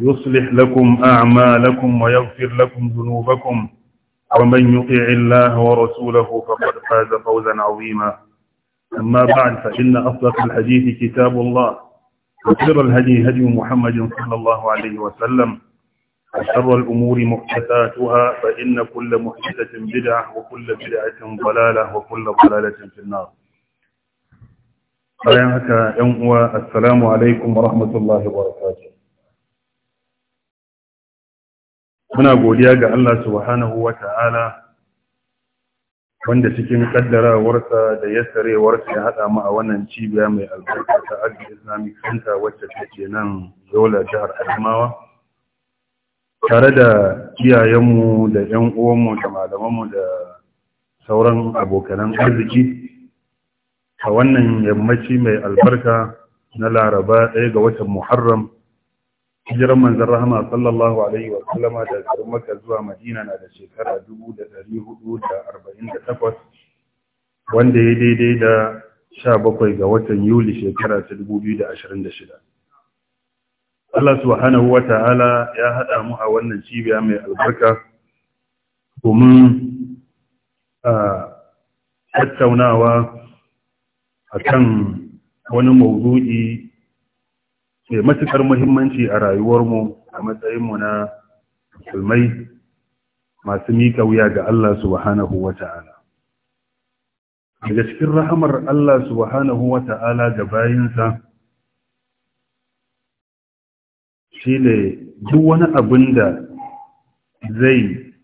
يصلح لكم أعمالكم ويغفر لكم ذنوبكم ومن يطع الله ورسوله فقد فاز فوزا عظيما أما بعد فإن أصدق الحديث كتاب الله وخير الهدي هدي محمد صلى الله عليه وسلم وشر الأمور محدثاتها فإن كل محدثة بدعة وكل بدعة ضلالة وكل ضلالة في النار السلام عليكم ورحمة الله وبركاته muna godiya ga Allah subhanahu wa ta'ala wanda cikin kaddarawarsa da yassarewarsa ya haɗa mu a wannan cibiya mai albarka ta Agri Islamic Center wacce take nan Yola jihar Adamawa tare da iyayenmu da 'yan uwanmu da malamanmu da sauran abokan arziki a wannan yammaci mai albarka na Laraba ɗaya ga watan Muharram hijiran manzan rahama sallallahu alaihi wa sallama da garin maka zuwa madina na da shekara 1448 wanda ya daidai da 17 ga watan yuli shekara ta 2026 Allah subhanahu wa ta'ala ya haɗa mu a wannan cibiya mai albarka domin a tattaunawa a kan wani mawudu'i ke matuƙar muhimmanci a rayuwarmu a matsayinmu na musulmai masu miƙa wuya ga Allah subhanahu wa ta'ala. Daga cikin rahamar Allah subhanahu wa ta'ala ga bayinsa shi ne duk wani abin da zai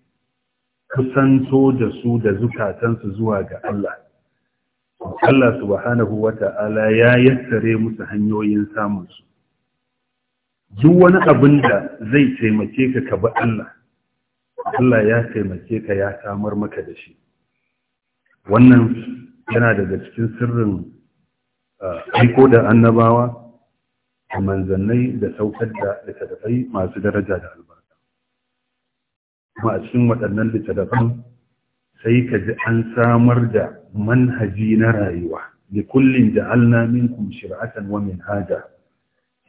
kusanto da su da zukatansu zuwa ga Allah. Allah subhanahu wa ta'ala ya yattare musu hanyoyin samunsu. duk wani abin da zai taimake ka ka bi Allah Allah ya taimake ka ya samar maka da shi wannan yana daga cikin sirrin eh, aiko da annabawa da manzannai da saukar da littattafai masu daraja da albarka kuma a cikin waɗannan littattafan sai ka ji an samar da manhaji na rayuwa da kullum da alnamin kuma shir'atan wa minhaja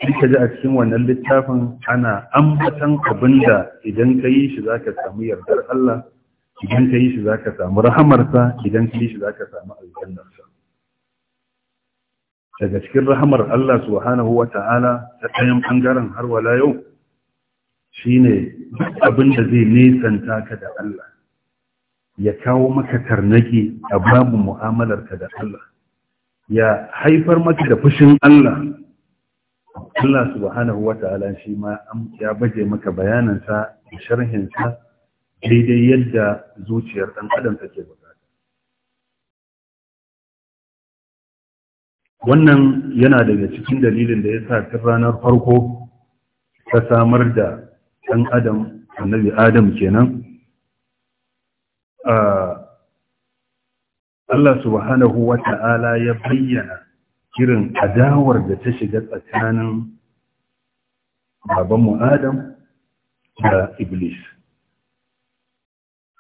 ka ji a cikin wannan littafin ana ambatan abin da idan ka yi shi za ka samu yardar Allah idan ka yi shi za ka samu rahamarsa idan ka yi shi za ka samu aljannarsa daga cikin rahamar Allah subhanahu wa ta'ala ta ɗayan ɓangaren har wala yau shi ne abin da zai nesanta ka da Allah ya kawo maka tarnaki a babu mu'amalarka da Allah ya haifar maka da fushin Allah Allah subhanahu wa ta'ala shi ma ya baje maka sa da sharhinsa daidai yadda zuciyar ɗan adam take bukata. Wannan yana daga cikin dalilin da ya sa tun ranar farko ta samar da ɗan adam annabi Adam kenan. Ah, Allah subhanahu wa ta'ala ya bayyana Kirin adawar da ta shiga tsakanin babanmu adam da iblis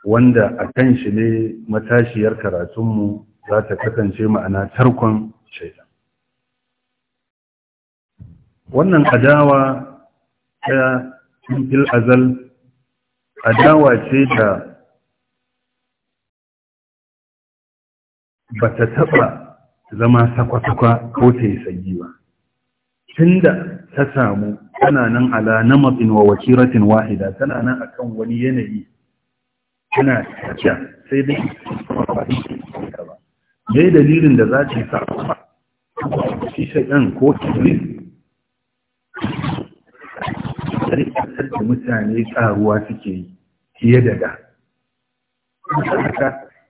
wanda a kan shi ne matashiyar karatunmu za ta kasance ma'ana tarkon shaidan wannan adawa ta fil azal adawa ce da ba ta taɓa zama sakwa ko ta yi sagi ba tun da ta samu tana nan ala na matsin wa wakiratin wahida tana nan akan wani yanayi tana tafiya sai dai ya yi dalilin da za ta yi shi ko kiri ƙasar da mutane ƙaruwa suke yi fiye da da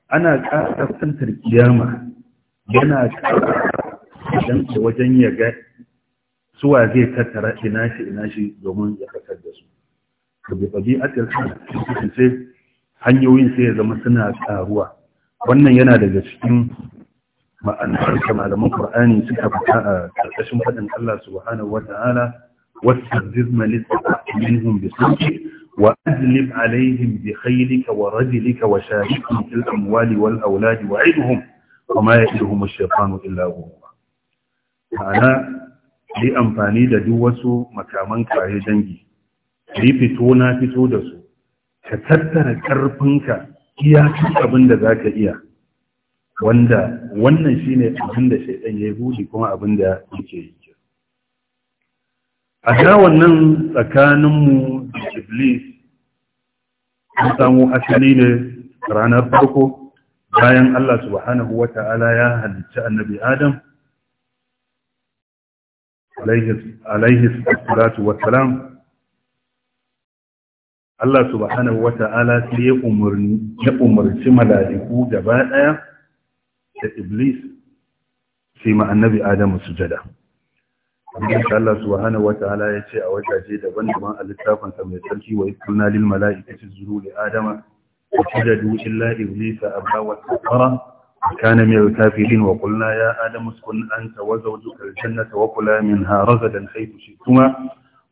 ana ƙasar kiyama yana dan wajen ya ga suwa zai tattara ina shi ina shi domin ya kasar da su da bi tabi'atul sai hanyoyin sai ya zama suna karuwa wannan yana daga cikin ma'anar da malaman Qur'ani suka fita a karkashin fadin Allah subhanahu wata'ala واستغذر alaihim bi منهم wa وأذلب wa بخيلك ورجلك وشاركهم في الأموال والأولاد وعدهم kuma ya ihu illa illahu ma'ana yi amfani da duk wasu makaman kare dangi yi fito na fito da su ka tattara ƙarfinka cin abin da za ka iya wanda wannan shine ne abin da shaidan ya yi buɗi kuma abin da yake yi a ga nan tsakaninmu da iblis an samu asali ne ranar farko bayan Allah subhanahu wa ta'ala ya halicci annabi Adam alaihi salatu wa salam Allah subhanahu wa ta'ala ya umarci mala'iku gaba ɗaya da Iblis sai ma annabi Adam sujada. Abinda Allah subhanahu wa ta'ala ya ce a wajaje daban-daban a littafinsa mai tsarki wa ikulna lil mala'ikati zuru da Adama وحجدوا إلا إبليس أبا واستكبر وكان من الكافرين وقلنا يا آدم اسكن أنت وزوجك الجنة وكلا منها رغدا حيث شئتما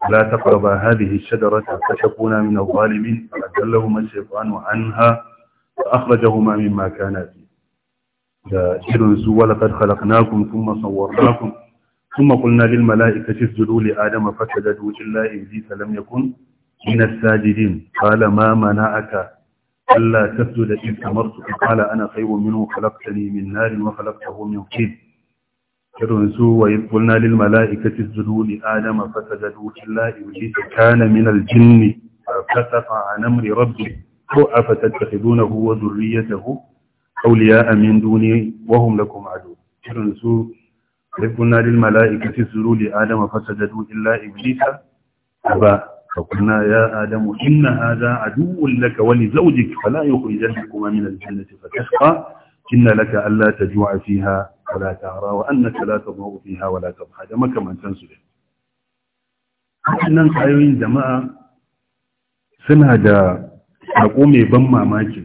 ولا تقربا هذه الشجرة فتكونا من الظالمين فأجلهما الشيطان عنها فأخرجهما مما كانا فيه إرنسوا ولقد خلقناكم ثم صورناكم ثم قلنا للملائكة اسجدوا لآدم فسجدوا إلا إبليس لم يكن من الساجدين قال ما منعك ألا تسجد إذ أمرتك قال أنا خير منه خلقتني من نار وخلقته من طين كرنسوا وإذ قلنا للملائكة اسجدوا لآدم فسجدوا إلا إبليس كان من الجن ففسق عن أمر ربه أفتتخذونه وذريته أولياء من دوني وهم لكم عدو كرنسوا وإذ قلنا للملائكة اسجدوا لآدم فسجدوا إلا إبليس أبى فقلنا يا آدم إن هذا عدو لك ولزوجك فلا يخرجنكما من الجنة فتشقى إن لك ألا تجوع فيها ولا تعرى وأنك لا تضمر فيها ولا تضحى كما كما تنسل nan kayoyin jama'a suna da sako mai ban mamaki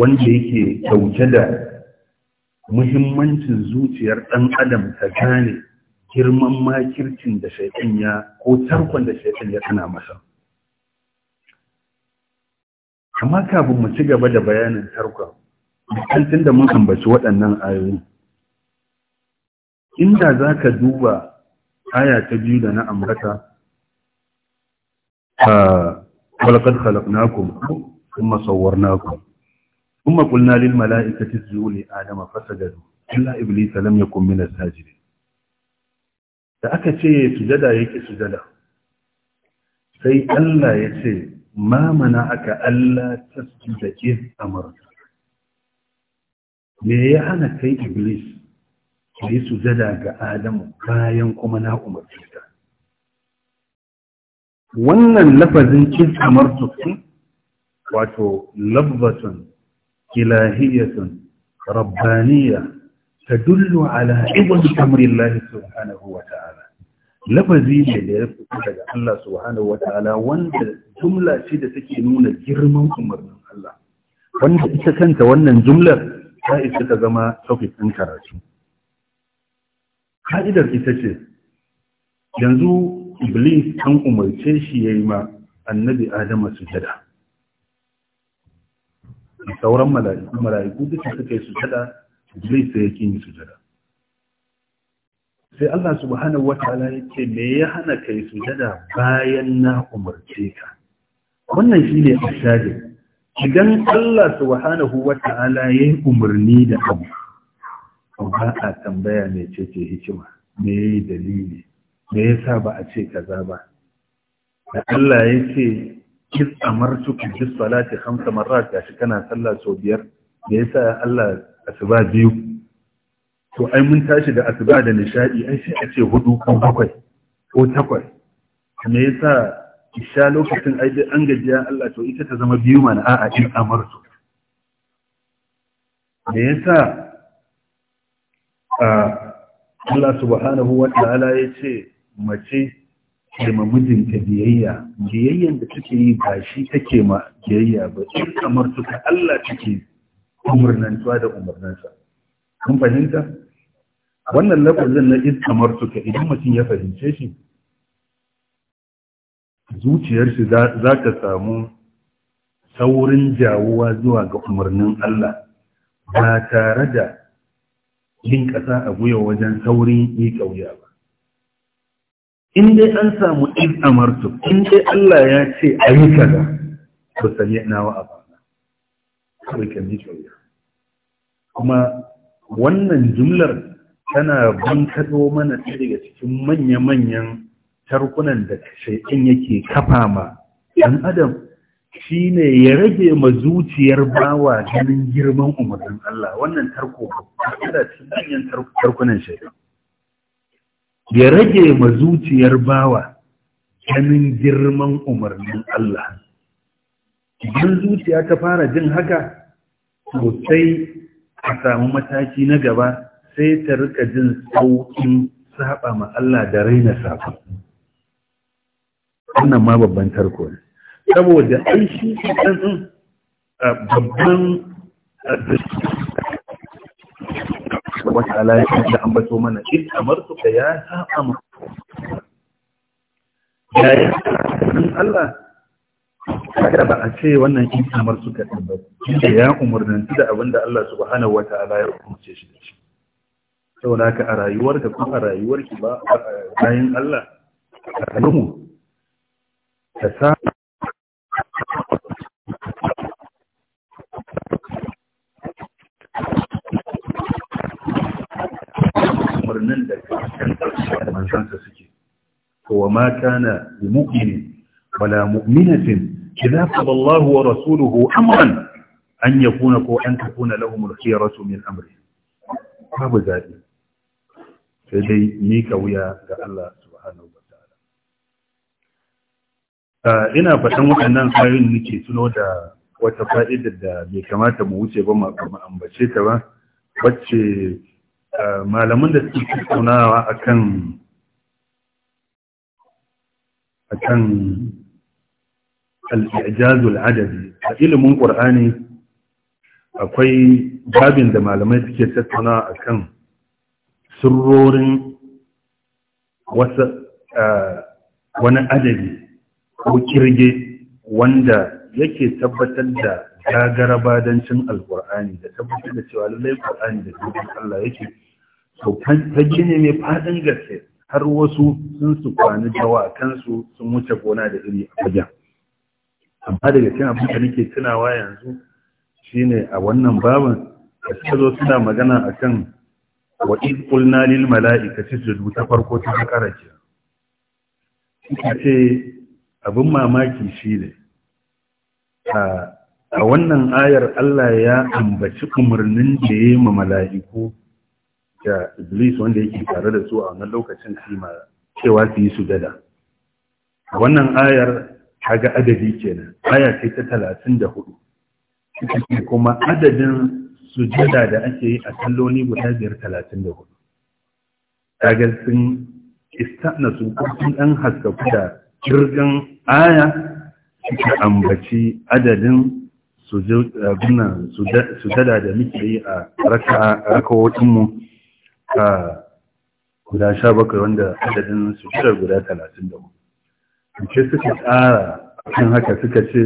wanda yake dauke da muhimmancin zuciyar ɗan adam ta gane girman makircin da shaitan ya ko tarkon da shaitan ya tana masa amma kafin mu ci gaba da bayanin tarkon tun da mun ambaci waɗannan ayoyi inda za ka duba aya ta biyu da na amurka a walakad halaknakum kuma sauwarnakum kuma kulna lil mala'ikati zuuli adama fasajadu illa iblis lam yakun min sajidin da aka ce sujada yake sujada sai Allah ya ce ma mana aka Allah sujada iz amarta me ya hana kai iblis yi sujada ga Adamu bayan kuma na umarci ta wannan lafazin iz amartu wato lafazin ilahiyatun rabbaniya tadullu ala ibn amrillahi subhanahu wa ta'ala lafazi ne da ya fito daga Allah subhanahu wa ta'ala wanda jumla ce da take nuna girman umarnin Allah wanda ita kanta wannan jumlar ta isa ta zama topic ɗin karatu ka'idar ita ce yanzu iblis an umarce shi yayi ma annabi adama sujada sauran mala'iku mala'iku duka suka yi sujada zai sai ya sujada sai Allah subhanahu wataala yake me ya hana kai sujada bayan na umarce ka wannan shine ashadi idan Allah subhanahu wataala yi umarni da abu ba a tambaya me ce ce hikima me dalili me yasa ba a ce kaza ba da Allah yake kis amartukum bis salati khamsa marrat gashi kana sallah sau biyar da sa Allah asuba biyu to ai mun tashi da asuba da nishadi ai sai a ce hudu ko bakwai ko takwas me yasa isha lokacin ai an gajiya Allah to ita ta zama biyu mana a'a in amartu me yasa Allah subhanahu wa ta'ala ya ce mace ke ma mijinta biyayya biyayyan da take yi ba shi take ma biyayya ba in amartu ka Allah take umurnantuwa da umarninsa kun fahimta wannan lafazin na iska martuka, idan mutum ya fahimce shi zuciyar shi za ta samu saurin jawuwa zuwa ga umarnin Allah ba tare da yin ƙasa a guya wajen saurin yi ƙauya ba. In dai an samu iska martuka, in dai Allah ya ce a yi kaza, to sami na wa kawai can ji kuma wannan jumlar tana bankaɗo mana ta daga cikin manya-manyan tarkunan da shaiɗan yake kafa ma dan adam shi ne ya rage ma zuciyar bawa ganin girman umarnin Allah wannan tarko da cikin manyan tarkunan shaiɗan ya rage ma zuciyar bawa ganin girman umarnin Allah idan zuciya ta fara jin haka sosai a samu mataki na gaba sai ta rika jin saukin saba ma Allah da raina saba. wannan ma babban tarko ne saboda an shi kan babban wata alaƙi da bato mana in kamar suka ya saba ma ya yi Allah kada ba a ce wannan in kamar suka ba. inda ya umarnanci da abin da Allah subhanahu wata'ala ya umarce shi da shi saboda haka a rayuwarka ko a rayuwarki ba a bayan Allah a rayuwa ta sa umarnin da kan da manzansa suke to wa ma kana bi mu'minin wala mu'minatin idza qadallahu wa rasuluhu amran an yakuna ko an takuna lahum al-khiyaratu min amri babu zabi sai dai mika wuya ga Allah subhanahu wa ta'ala ina fatan waɗannan ayoyin nake tuno da wata fa'idar da bai kamata mu wuce ba mu ambace ta ba wacce malaman da suke tattaunawa akan akan al-ijazul a ilimin ƙur'ani, akwai babin da malamai suke tattauna akan sirrorin wasa wani adadi ko kirge wanda yake tabbatar da gagarabadancin alkur'ani da tabbatar da cewa lallai ƙur'ani da dukkan Allah yake to ne mai gaske har wasu sun su kwani dawa kansu sun wuce gona da iri a fagen amma daga cikin abin da nake tunawa yanzu shine a wannan babin da suka zo suna magana akan wa iz qulna lil mala'ikati isjudu ta farko ta bakara ce suka ce abin mamaki shine a a wannan ayar Allah ya ambaci umarnin da ya yi ma mala'iku da Iblis wanda yake tare da su a wannan lokacin ma cewa su yi sujada. A wannan ayar kaga adadi kenan aya ce ta 34 take kuma adadin sujada da ake yi a salloli guda biyar 34 kaga sun istana su ko ɗan haska haskaku da jirgin aya suka ambaci adadin sujada da muke yi a rakawotinmu a guda 17 wanda adadin sujadar guda 34 ce suka tsara kan haka suka ce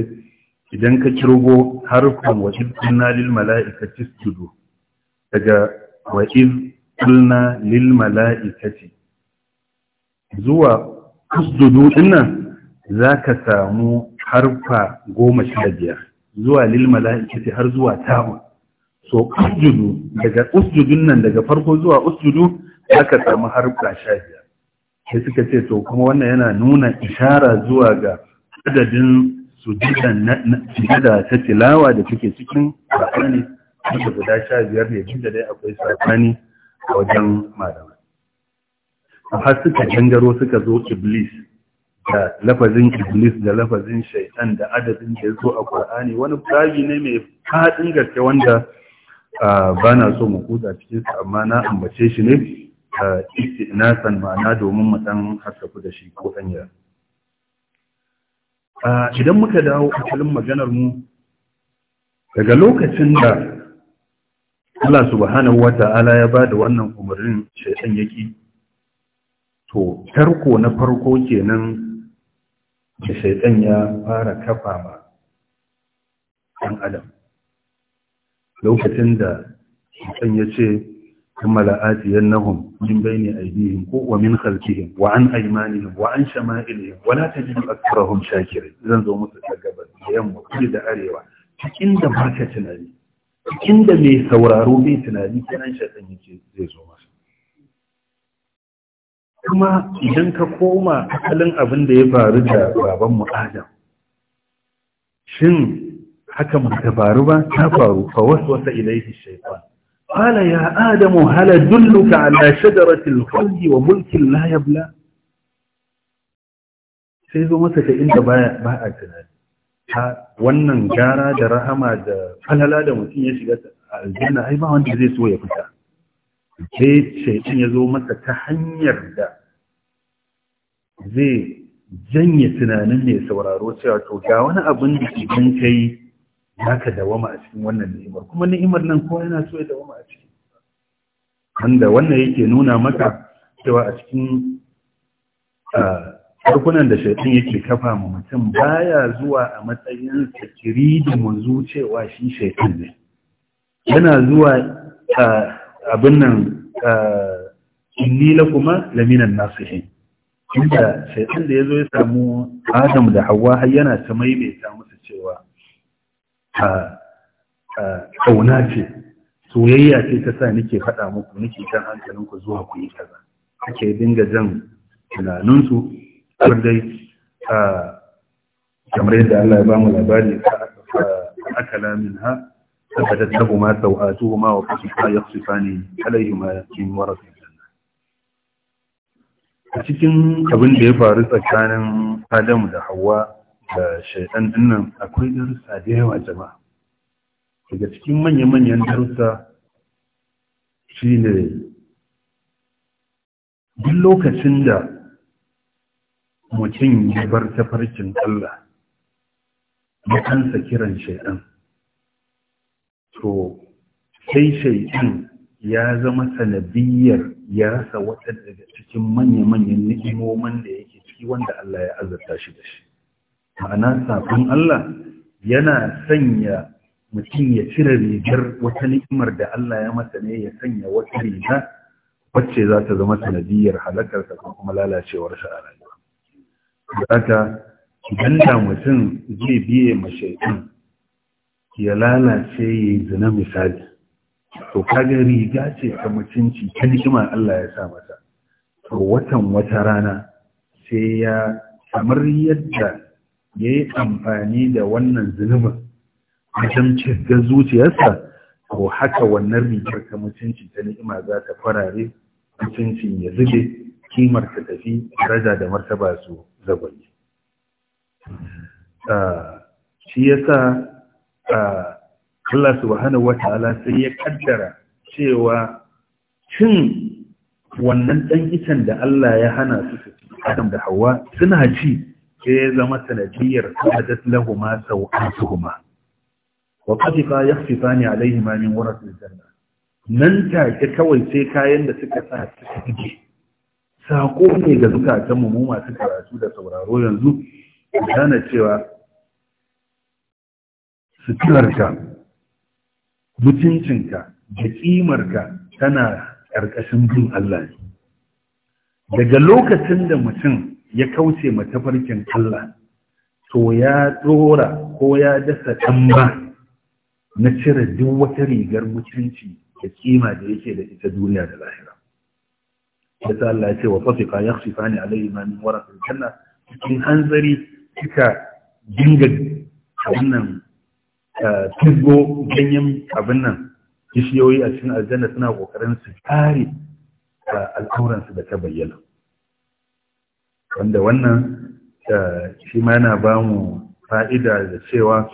idan ka kirgo harfin wa kulna lil mala'ikati sujudu daga wa kulna lil mala'ikati zuwa sujudu dinnan zaka samu harfa goma sha biyar zuwa lil mala'ikati har zuwa tamu so usjudu daga usjudun nan daga farko zuwa usjudu zaka samu harfa sha biyar sai suka ce to kuma wannan yana nuna ishara zuwa ga adadin sujada ta tilawa da suke cikin saɓani wanda guda sha biyar ne duk da dai akwai saɓani a wajen malamai har suka gangaro suka zo iblis da lafazin iblis da lafazin shaitan da adadin da ya zo a ƙwar'ani wani babi ne mai faɗin gaske wanda ah, ba na so mu kusa cikinsa amma na ambace shi ne istinasan ma'ana domin mu dan haskafu da shi ko danya idan muka dawo cikin maganar mu daga lokacin da Allah subhanahu wata'ala ya ba da wannan umarnin shaytan yaki to tarko na farko kenan da shaidan ya fara kafa ma ɗan adam lokacin da shaidan ya ce Kammala la'ajiyar nahun min bai ne aidihin ko wa min halkihin wa an aimani wa an shama'ili wa na ta jini a turahun shakirai zan zo musu ta gabas da yamma da arewa cikin da maka tunani cikin da mai sauraro mai tunani ko nan shaɗan yake zai zo masa kuma idan ka koma asalin abin da ya faru da babanmu adam shin haka mun faru ba ta faru fa waswasa ilaihi shaytan قال يا آدم هل أدلك على شجرة wa وملك لا يبلى sai zo masa ta inda ba a tunani ta wannan gara da rahama da falala da mutum ya shiga aljanna ai ba wanda zai so ya fita sai shaitan ya zo masa ta hanyar da zai janye tunanin mai sauraro cewa to ga wani abin da idan kai ya ka dawama a cikin wannan ni'imar kuma ni'imar nan kowa yana so ya dawama a ciki wanda wannan yake nuna maka cewa a cikin harkunan da shaitan yake kafa ma mutum baya zuwa a matsayin sakiri da munzu cewa shi shaitan ne yana zuwa abin nan inni la kuma laminan nasihin inda shaitan da ya zo ya samu adam da hawa har yana ta maimaita samu ƙauna ce soyayya ce ta sa nake faɗa muku nake kan hankalinku zuwa ku yi kaza ake dinga jan tunaninsu har dai kamar yadda Allah ya ba mu labari ka akala minha فبدت لهما سوآتهما وكشفا يخصفان عليهما من ورث الجنة a cikin abin da ya faru tsakanin Adamu da Hawwa da shaidan dinnan akwai darussa da yawa jama'a daga cikin manya-manyan darussa shine duk lokacin da mutum ya bar tafarkin Allah ya kansa kiran shaidan to sai shaidan ya zama sanadiyar ya rasa wata daga cikin manya-manyan ni'imomin da yake ciki wanda Allah ya azurta shi da shi ma'ana safin Allah yana sanya mutum ya cire rigar wata ni'imar da Allah ya masa ne ya sanya wata riga wacce za ta zama sanadiyar halakarsa ko kuma lalacewarsa a rayuwa. Haka idan da mutum zai biye shaitan ya lalace ya yi zina misali, to kaga riga ce ta mutunci ta ni'imar Allah ya sa masa. To watan wata rana sai ya kamar yadda ya yi amfani da wannan zunubin wajen cika zuciyarsa ko haka wannan rigar ta mutunci ta ni'ima za ta farare mutuncin ya zube kimar ta tafi daraja da martaba su zagwaye ah, shi ya sa ah, Allah subhanahu sai ya kaddara cewa cin wannan ɗan itan da Allah ya hana su su Adam da Hawwa suna ci sai ya zama sanadiyar hadat lahuma sau'atuhuma wa qatifa yakhsifani ma min warasil janna nan ta ke kawai sai kayan da suka sa suka fije sako ne ga zukatan mu masu karatu da sauraro yanzu gane cewa suturarka mutuncinka da ƙimarka tana ƙarƙashin bin Allah ne daga lokacin da mutum ya kauce ma tafarkin Allah to ya tsora ko ya dasa ɗan na cire duk wata rigar mutunci da kima da yake da ita duniya da lahira yasa Allah ya ce wa fasika yakhsifani alayhi ma wara warqi janna cikin hanzari kika dinga wannan eh, ganyen abin nan kishiyoyi a cikin aljanna suna kokarin su kare eh, al'auransu da ta bayyana wanda wannan eh, shi ma yana ba mu fa'ida da cewa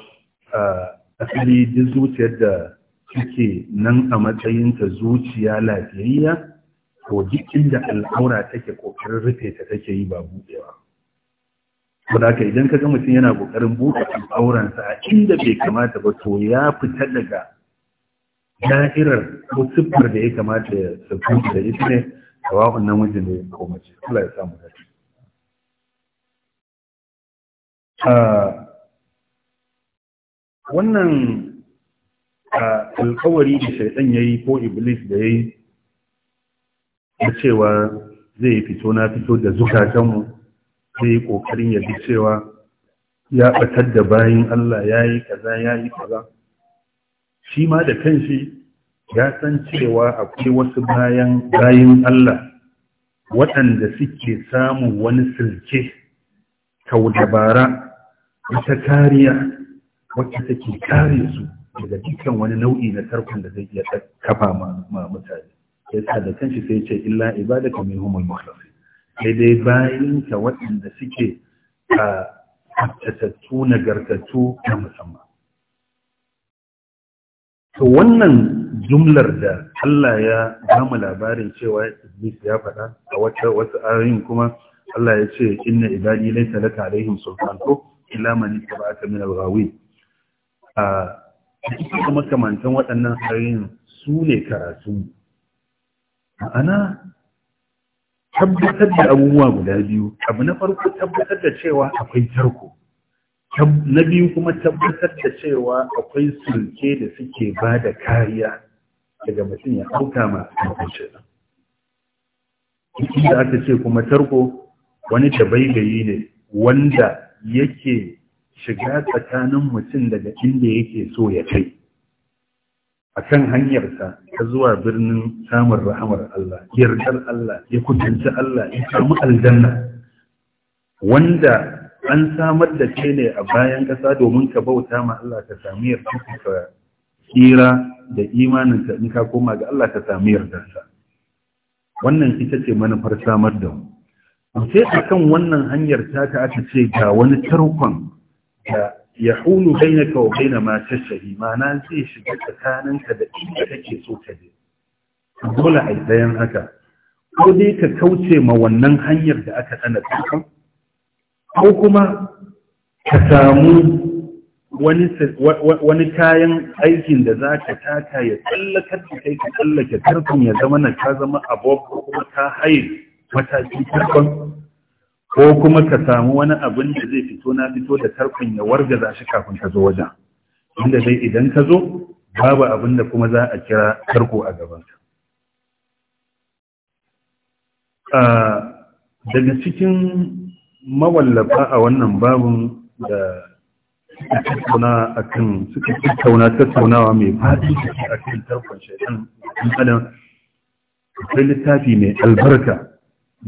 asali duk zuciyar da suke nan a matsayin ta zuciya lafiyayya to jikin da al'aura take kokarin rufe ta take yi ba buɗewa. Saboda ka idan ka ga mutum yana kokarin buɗe al'auransa a inda bai kamata ba to ya fita daga da'irar ko siffar da ya kamata ya sabbi da ita ne tawa'un namiji ne ko mace. Allah ya samu dace. Ah, wannan ah, alkawari da shaidan ya yi ko iblis da ya yi da cewa zai fito na fito da zukatanmu zai yi ƙoƙarin ya cewa ya batar da bayan Allah ya yi kaza ya yi kaza shi ma da kanshi ya san cewa akwai wasu bayan bayan Allah waɗanda suke samun wani silke kau dabara wata kariya wacce take kare su daga dukkan wani nau'i na tarkon da zai iya kafa ma mutane ya sa da kanshi sai ce illa ibadaka min humul mukhlasin sai dai bayin ka waɗanda suke a na nagartattu na musamman to wannan jumlar da Allah ya bamu labarin cewa Iblis ya faɗa a wata wasu ayoyin kuma Allah ya ce inna ibadi laysa laka alaihim sultan ila man tabaka min al a cikin makamantan waɗannan hayoyin su ne karatu ma'ana tabbatar da abubuwa guda biyu abu na farko tabbatar da cewa akwai tarko na biyu kuma tabbatar da cewa akwai sulke da suke ba da kariya daga mutum ya auka ma mutunci da aka ce kuma tarko wani tabaibayi ne wanda yake shiga tsakanin mutum daga inda yake so ya kai a kan hanyarsa ta zuwa birnin samun rahamar Allah yardar Allah ya kutanci Allah ya samu aljanna wanda an samar da kai ne a bayan ƙasa domin ka bauta ma Allah ka sami yardarsa ka tsira da imaninsa in ka koma ga Allah ka samu yardarsa wannan ita ce manufar samar da mu sai a kan wannan hanyar taka aka ce ga wani tarkon da ya hulu bainaka wa baina mace shari, ma'ana zai shiga tsakaninka da inda kake so ka je dole a dayan haka ko dai ka kauce ma wannan hanyar da aka tsana tarkon ko kuma ka samu wani kayan aikin da za ka taka ya tsallakar da kai ka tsallake tarkon ya zama na ka zama abokan kuma ta haihu? matakin tarkon ko kuma ka samu wani abin da zai fito na fito da tarkon ya wargaza shi kafin ka zo wajen inda zai, idan ka zo babu abin da kuma za a kira tarko a gabanka daga cikin mawallafa a wannan babin da suka tattauna tattaunawa mai faɗi akan tarkon shaitan adam akwai littafi mai albarka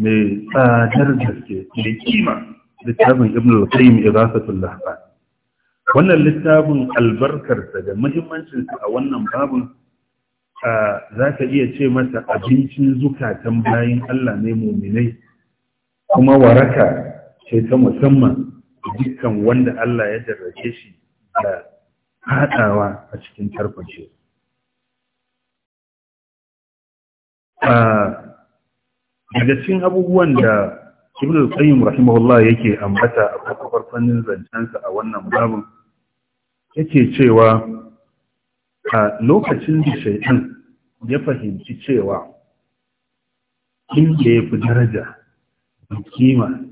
mai tsadar gaske mai kima littafin ibn al-qayyim idafatul lahfan wannan littafin sa da sa a wannan babun za ka iya ce masa abincin zukatan bayan Allah ne muminai kuma waraka ce ta musamman dukkan wanda Allah ya darrake shi da haɗawa a cikin tarkace. daga cikin abubuwan da ibn al-qayyim rahimahullah yake ambata a kafar fannin zancensa a wannan babin yake cewa a lokacin da shaytan ya fahimci cewa inda ya fi daraja da kima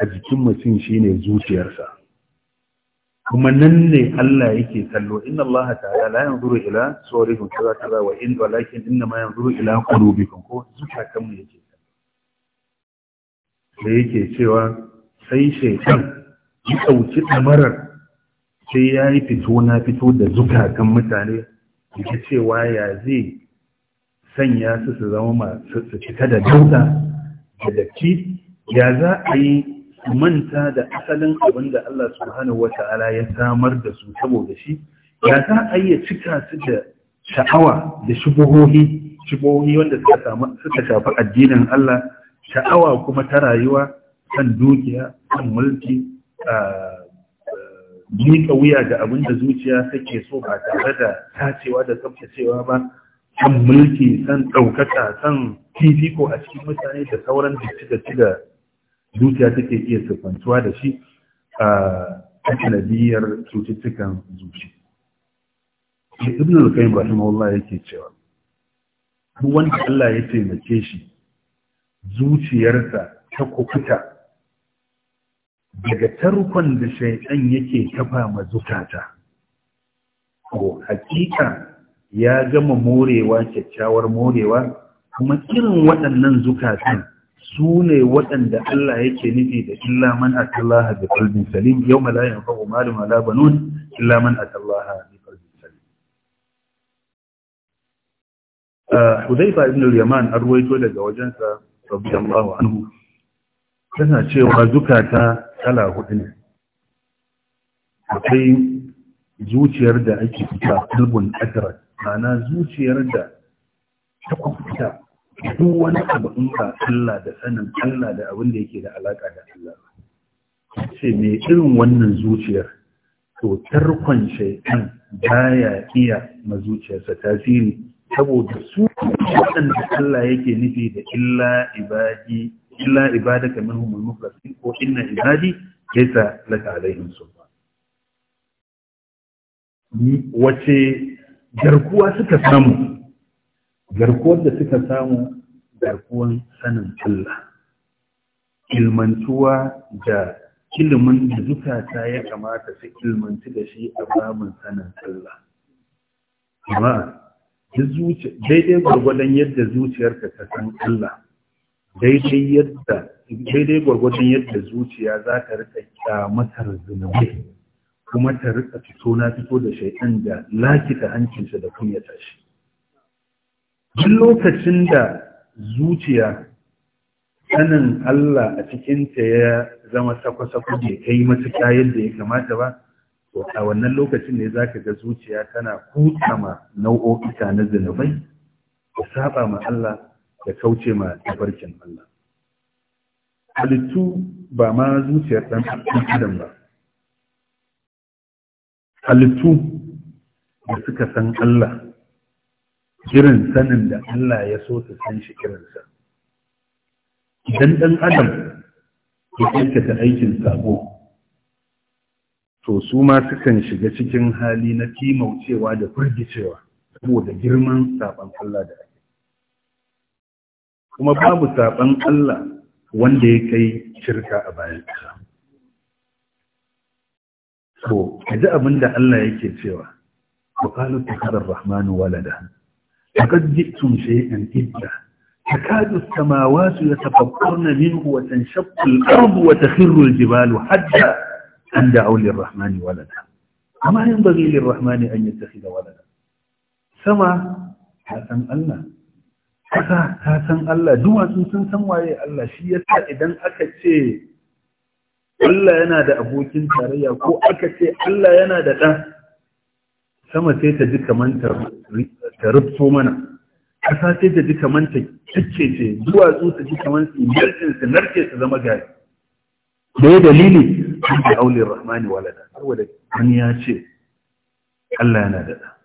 a jikin mutum shine zuciyarsa kuma nan ne Allah yake kallo inna Allah ta'ala la yanzuru ila suwarikum kaza kaza wa in walakin inna ma yanzuru ila qulubikum ko zuciyarkan mu yake da yake cewa sai shekar ya ɗauki ɗamarar sai ya yi fito na fito da zukatan mutane da cewa ya zai sanya su su zama masu su cika da dauda da ya za a yi manta da asalin abin da Allah subhanahu wata'ala ya samar da su saboda shi ya za a yi cika su da sha'awa da shubuhohi shubuhohi wanda suka shafi addinin Allah sha'awa kuma ta rayuwa kan dukiya kan mulki miƙa wuya da abin da zuciya take so ba tare da tacewa da tsaftacewa ba kan mulki san ɗaukaka san fifiko a cikin mutane da sauran ci da zuciya take iya siffantuwa da shi a sanadiyar cututtukan zuci. Ibn al-Qayyim rahimahullah yake cewa duk wanda Allah ya taimake shi zuciyarsa ta kukuta daga tarkon da shaidan yake kafa ma zukata ko hakika ya gama morewa kyakkyawar morewa kuma irin waɗannan zukatan su ne waɗanda Allah yake nufi da illa man atallaha bi qalbin salim yau ma la yanfa'u ma la banun illa man atallaha bi qalbin salim ah, Hudayfa ibn al-Yaman ruwaito daga wajensa radiyallahu anhu tana cewa zukata kala hudu ne akwai zuciyar da ake fita kalbun adrat mana zuciyar da ta kwafita duk wani abu in ba Allah da sanin Allah da abin da yake da alaka da Allah ce mai irin wannan zuciyar to tarkon shaitan baya iya ma zuciyarsa tasiri saboda su waɗanda Allah yake nufi da illa ibadi illa ibadaka minhum al ko inna ibadi laysa laka alaihim sultan wace garkuwa suka samu garkuwar da suka samu garkuwar sanin Allah ilmantuwa da ilimin da zukata ya kamata su ilmanci da shi a babin sanin Allah amma daidai gwargwadon yadda zuciyarka ta san Allah daidai yadda gwargwadon yadda zuciya za ta rika kyamatar zunubi kuma ta rika fito na fito da shaitan da laki ta hancinsa da ya tashi. duk lokacin da zuciya sanin Allah a cikinta ya zama sakwa-sakwa bai kai matuƙa yadda ya kamata ba a wannan lokacin ne za ka ga zuciya tana kutsama nau'o'ika na zinubai da saba ma Allah da kauce ma tabarkin Allah halittu ba ma zuciyar dan adam ba halittu da suka san Allah irin sanin da Allah ya so su san shi irinsa idan ɗan adam ya aikata aikin sabo to su ma sukan shiga cikin hali na kimaucewa da firgicewa saboda girman saban Allah da ake. Kuma babu saban Allah wanda ya kai shirka a bayansa. So, ka abin da Allah yake cewa, ku kalu ta Rahmanu walada, ta kaji tun idda ɗan ɗidda, ta kaji samawa su ya tafafar ardu wa ta jibalu hadda an da للرحمن ولدا أما amma للرحمن أن يتخذ ولدا سما حسن الله walada ta san Allah ta san Allah duwatsu sun san waye Allah shi yasa idan aka ce Allah yana da abokin tarayya ko aka ce Allah yana da ɗan sama sai ta ji kamar ta rufto mana kasa sai ta ji kamar ta ce duwatsu ta ji kamar su yi su narke su zama gari. Da ya dalili ya aulin rahmani walada saboda wani ya ce Allah yana da ɗa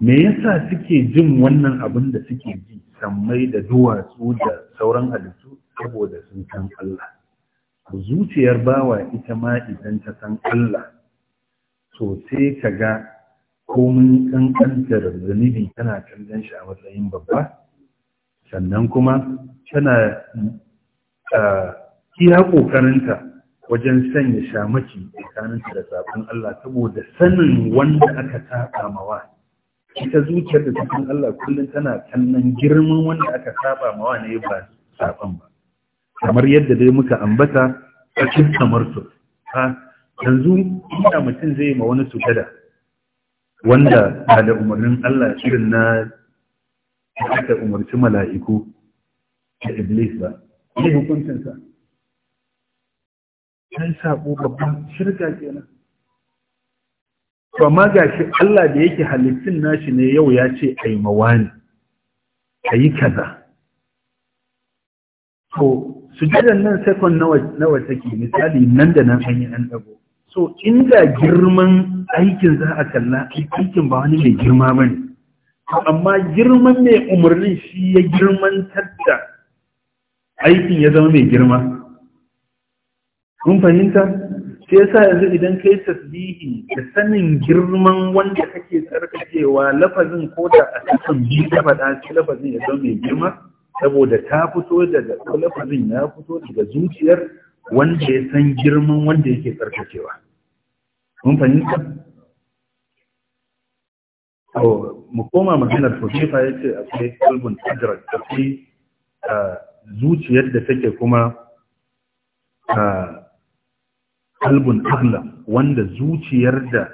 me yasa suke jin wannan abin da suke ji sammai da duwatsu da sauran halittu saboda sun san Allah zuciyar bawa ita ma idan ta san Allah to sai ka ga komin kankantar zunubi tana kallon shi a matsayin babba sannan kuma tana iya ƙoƙarinta wajen sanya shamaki tsakaninta da sabon Allah saboda sanin wanda aka saba mawa ita zuciyar da cikin Allah kullum tana kallon girman wanda aka saba mawa ne ba saban ba kamar yadda dai muka ambata a cikin kamar su ha yanzu ina mutum zai yi ma wani sujada wanda ba da umarnin Allah shirin na aka umarci mala'iku da iblis ba ne hukuncinsa yi saƙo babban shirka kenan to amma gashi Allah da yake halittun nashi ne yau ya ce ai mawani yi kaza to sujadan nan sekon na wata take misali nan da nan an yi an dago so inda girman aikin za a kalla aikin ba wani mai girma bane amma girman mai umarnin shi ya girman tadda aikin ya zama mai girma kun fahimta sai yasa yanzu idan kai tasbihi da sanin girman wanda kake tsarkakewa lafazin ko da a cikin bi ta faɗa shi lafazin ya zama mai girma saboda ta fito daga ko lafazin ya fito daga zuciyar wanda ya san girman wanda yake tsarkakewa kun fahimta mu koma maganar fujifa ya ce akwai kalbun tajirar akwai ah, zuciyar da take kuma kalbun abla wanda zuciyar da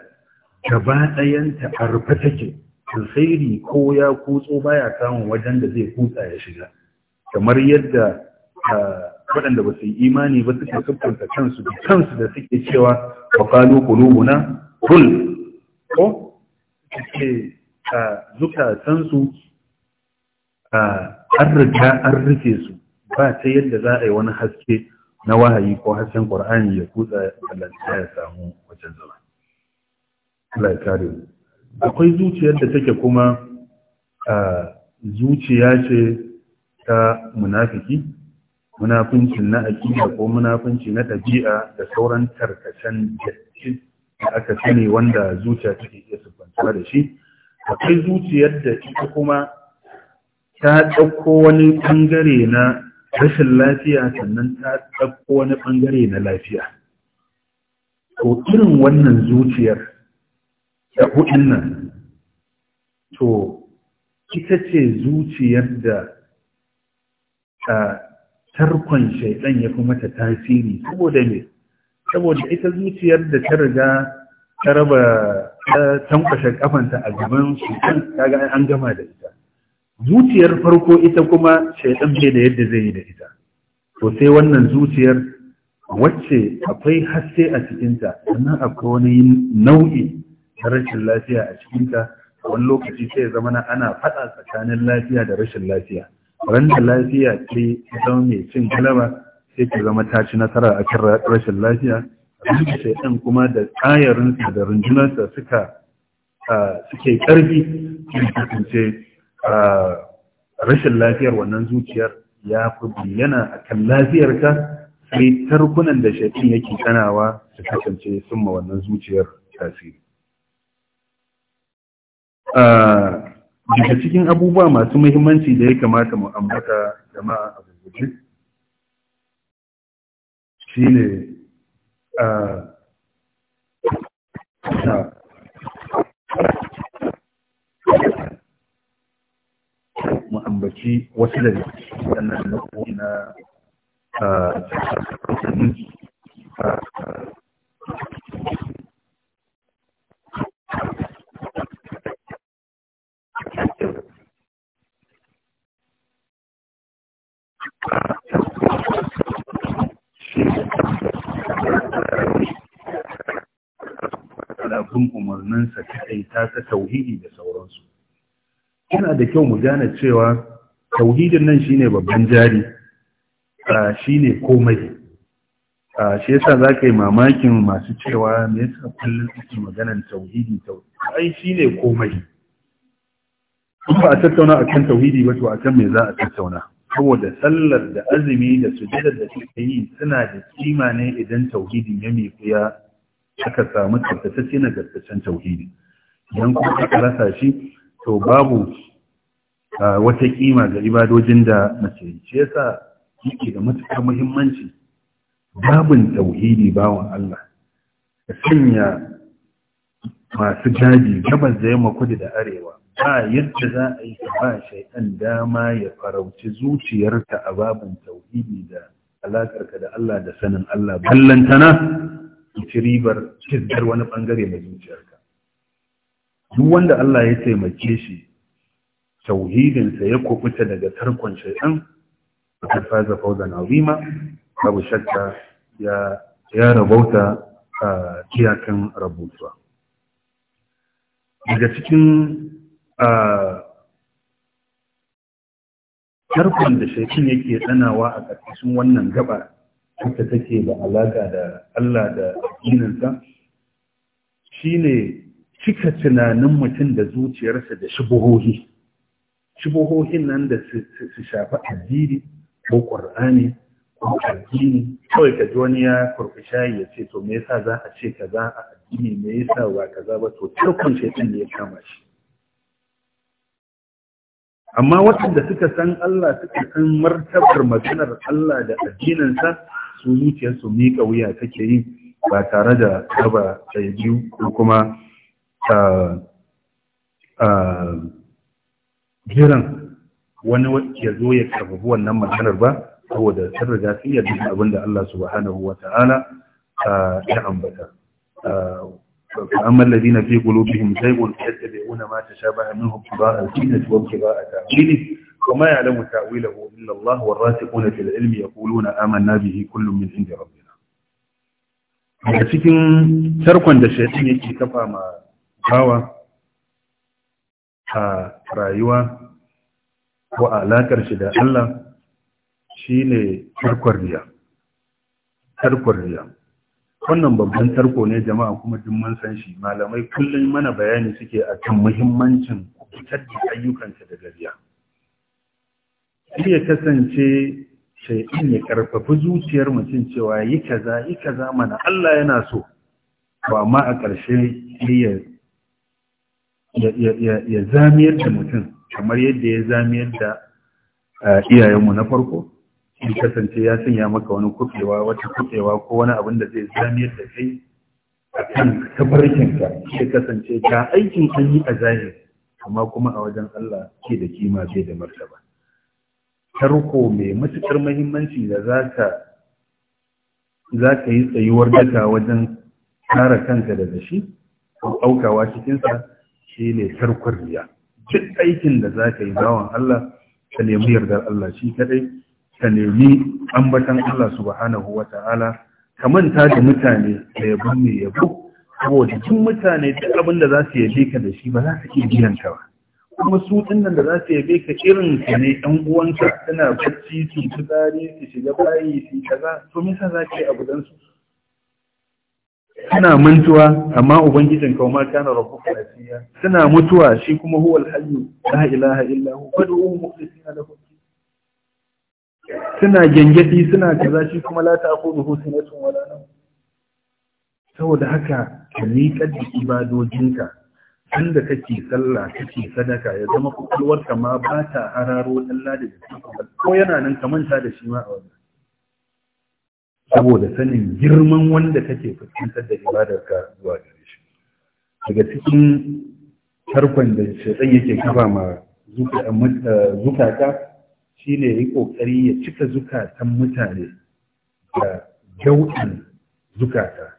gaba ɗayanta a rufe take alkhairi ko ya kutso baya samun wajen da zai kutsa ya shiga kamar yadda waɗanda ba su yi imani ba suke siffanta kansu da kansu da suke cewa wa qalu qulubuna kul ko suke zukatansu an riga an rufe su ba ta yadda za a yi wani haske na wahayi ko hasken ƙwar'ani ya kutsa lantarki ya samu wajen zama. Akwai zuciyar da take kuma zuciya ce ta munafiki, munafunci na aƙida ko munafunci na ɗabi'a da sauran tarkacen jirgin da aka sani wanda zuciya take iya siffantuwa da shi. Akwai zuciyar da ita kuma ta ɗauko wani ɓangare na rashin lafiya sannan ta ɗauko wani ɓangare na lafiya to irin wannan zuciyar da hudun nan to ita ce zuciyar da a tarkon shaidan ya fi mata tasiri saboda ne saboda ita zuciyar da ta riga ta raba ta tankwashe kafanta a gaban shaidan ta ga an gama da ita zuciyar farko ita kuma shaidan bai da yadda zai yi da ita to sai wannan zuciyar wacce akwai haske a cikinta sannan akwai wani nau'i na rashin lafiya a cikinta wani lokaci sai ya zama ana faɗa tsakanin lafiya da rashin lafiya randa lafiya ce zama mai cin galaba sai ta zama ta ci nasara a kan rashin lafiya abin shaidan kuma da tsayarinsa da rundunarsa suka suke ƙarfi sun kasance Ah, rashin lafiyar wannan zuciyar ya fi bayyana a kan ka, sai tarkunan da shaƙin yake kanawa su kasance sun ma wannan zuciyar tasiri. Ah, daga cikin abubuwa masu muhimmanci da ya kamata mu ambata jama'a a gurguje, shi ne ah, ambaci wasu da wannan nau'o'i na ah, umarninsa ta ta tauhidi da sauransu. Yana da kyau mu gane cewa tauhidin nan shine babban jari shine komai shi yasa za ka yi mamakin masu cewa me yasa kullum suke maganan tauhidi tauhidi ai shine komai in ba a tattauna akan tauhidi ba to kan me za a tattauna saboda sallar da azumi da sujudar da suke yi suna da kima ne idan tauhidi ya kuya aka samu tabbatacce na gaskacen tauhidi idan kuma aka rasa shi to babu wata kima ga ibadojin da mace ce yasa yake da matuƙar muhimmanci babin tauhidi bawan Allah ka sanya masu gadi gabas da yamma kudu da arewa ba yadda za a yi ba shaidan dama ya farauci zuciyarta a babin tauhidi da alaƙarka da Allah da sanin Allah ballantana ci ribar cizgar wani bangare mai zuciyarka duk wanda Allah ya taimake shi tauhidinsa ya kubuta daga tarkon shaitan da faza na rima, babu shakka ya ya rabauta a kiyakan rabutuwa daga cikin tarkon da shaitan yake tsanawa a ƙarƙashin wannan gaba ta take da alaƙa da Allah da shi shine cika tunanin mutum da zuciyarsa da shubuhohi shubuhohin nan da su shafi addini ko ƙur'ani ko addini kawai ka ji wani ya shayi ya ce to me yasa za a ce kaza a addini me yasa ba kaza ba to tarkon shaitan ne ya kama shi amma waɗanda suka san Allah suka san martabar maganar Allah da addininsa su su miƙa wuya take yi ba tare da raba ɗaya biyu ko kuma ah, ah, jiran wani ya zo ya karbabu wannan maganar ba saboda sun riga sun yi duk abin da Allah subhanahu wa ta'ala ah, ya ambata ah, amman na fi qulubihim zaygun yattabi'una ma tashabaha minhu ibtigaa'a al-fitnati wa ibtigaa'a at-ta'wili kama ya'lamu ta'wilahu illa Allah wa ar-rasikuna fil 'ilmi yaquluna amanna bihi kullun min 'indi rabbina a cikin tarkon da shaytan yake kafa ma bawa a rayuwa ko a alaƙar shi da Allah shi ne tarkon riya. Wannan babban tarko ne jama'a kuma duk mun san shi malamai kullum mana bayani suke a kan muhimmancin fitar da ayyukanka daga riya. Iya kasance in ya ƙarfafi zuciyar mutum cewa yi kaza yi kaza mana Allah yana so ba ma a ƙarshe iya ya zamiyar da mutum kamar yadda ya zamiyar da iyayenmu na farko in kasance ya sanya maka wani kuɗewa wata kuɗewa ko wani abin da zai zamiyar da kai a kan tabarkinka ya kasance ka aikin an yi a zahiri amma kuma a wajen Allah ke da kima bai da martaba tarko mai matuƙar mahimmanci da za ka za ka yi tsayuwar daka wajen kare kanka daga shi ko aukawa cikinsa Shi ne tarkon riya duk aikin da za ka yi bawan Allah ka nemi yardar Allah shi kadai ka nemi ambatan Allah subhanahu wa ta'ala ka manta da mutane da yabo mai yabo saboda cikin mutane duk abin da za su yabe ka da shi ba za su iya biyan ka ba kuma su nan da za su yabe ka irin ka ne 'yan uwanka tana bacci su fitsari su shiga bayi su kaza to me yasa za ka yi abu dan su suna mantuwa amma ubangijin kauma ma kana rabu kafiya suna mutuwa shi kuma huwal hayy la ilaha illa hu fad'uhu mukhlisina lahu suna gengedi suna kaza shi kuma la ta'khudhuhu sinatun wala nawm saboda haka ka kaddi da ibadojinka tunda kake sallah kake sadaka ya zama kwakwalwarka ma ba ta hararo dan da ko yana nan ka manta da shi ma a wannan saboda sanin girman wanda kake fuskantar da ibadar ka zuwa gare shi daga cikin tarkon da shaitan yake kafa ma eh, eh, zukata shine yi kokari ya cika zukatan mutane da jau'in zukata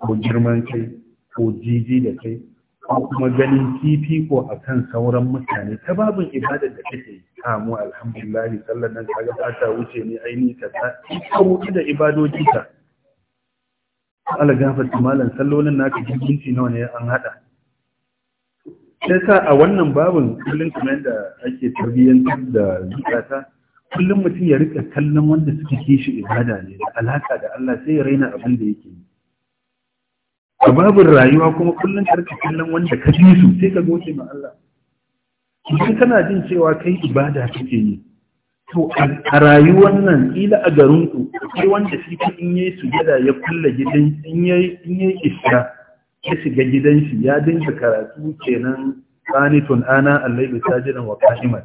ko girman kai ko jiji da kai kuma ganin fifiko a kan sauran mutane ta babin ibadar da kake kamu ah, alhamdulillah sallar nan kaga ba ta wuce ne aini ta ta ita da ibadoji ta ala gafarta malam sallolin naka jibinci nawa ne an hada sai sa a wannan babin kullum kuma yadda ake tarbiyyantar da zukata kullum mutum ya rika kallon wanda suke kishi ibada ne da alaka da Allah sai ya raina abin da yake yi a babin rayuwa kuma kullum karka kallon wanda ka ji su sai ka goce ma Allah idan kana jin cewa kai ibada kake yi to a rayuwar nan ila a garin ku akwai wanda shi in yayi gada ya kulla gidan in yayi in yayi isha ya shiga gidan shi ya dinga karatu kenan qanitun ana allahi sajidan wa qa'iman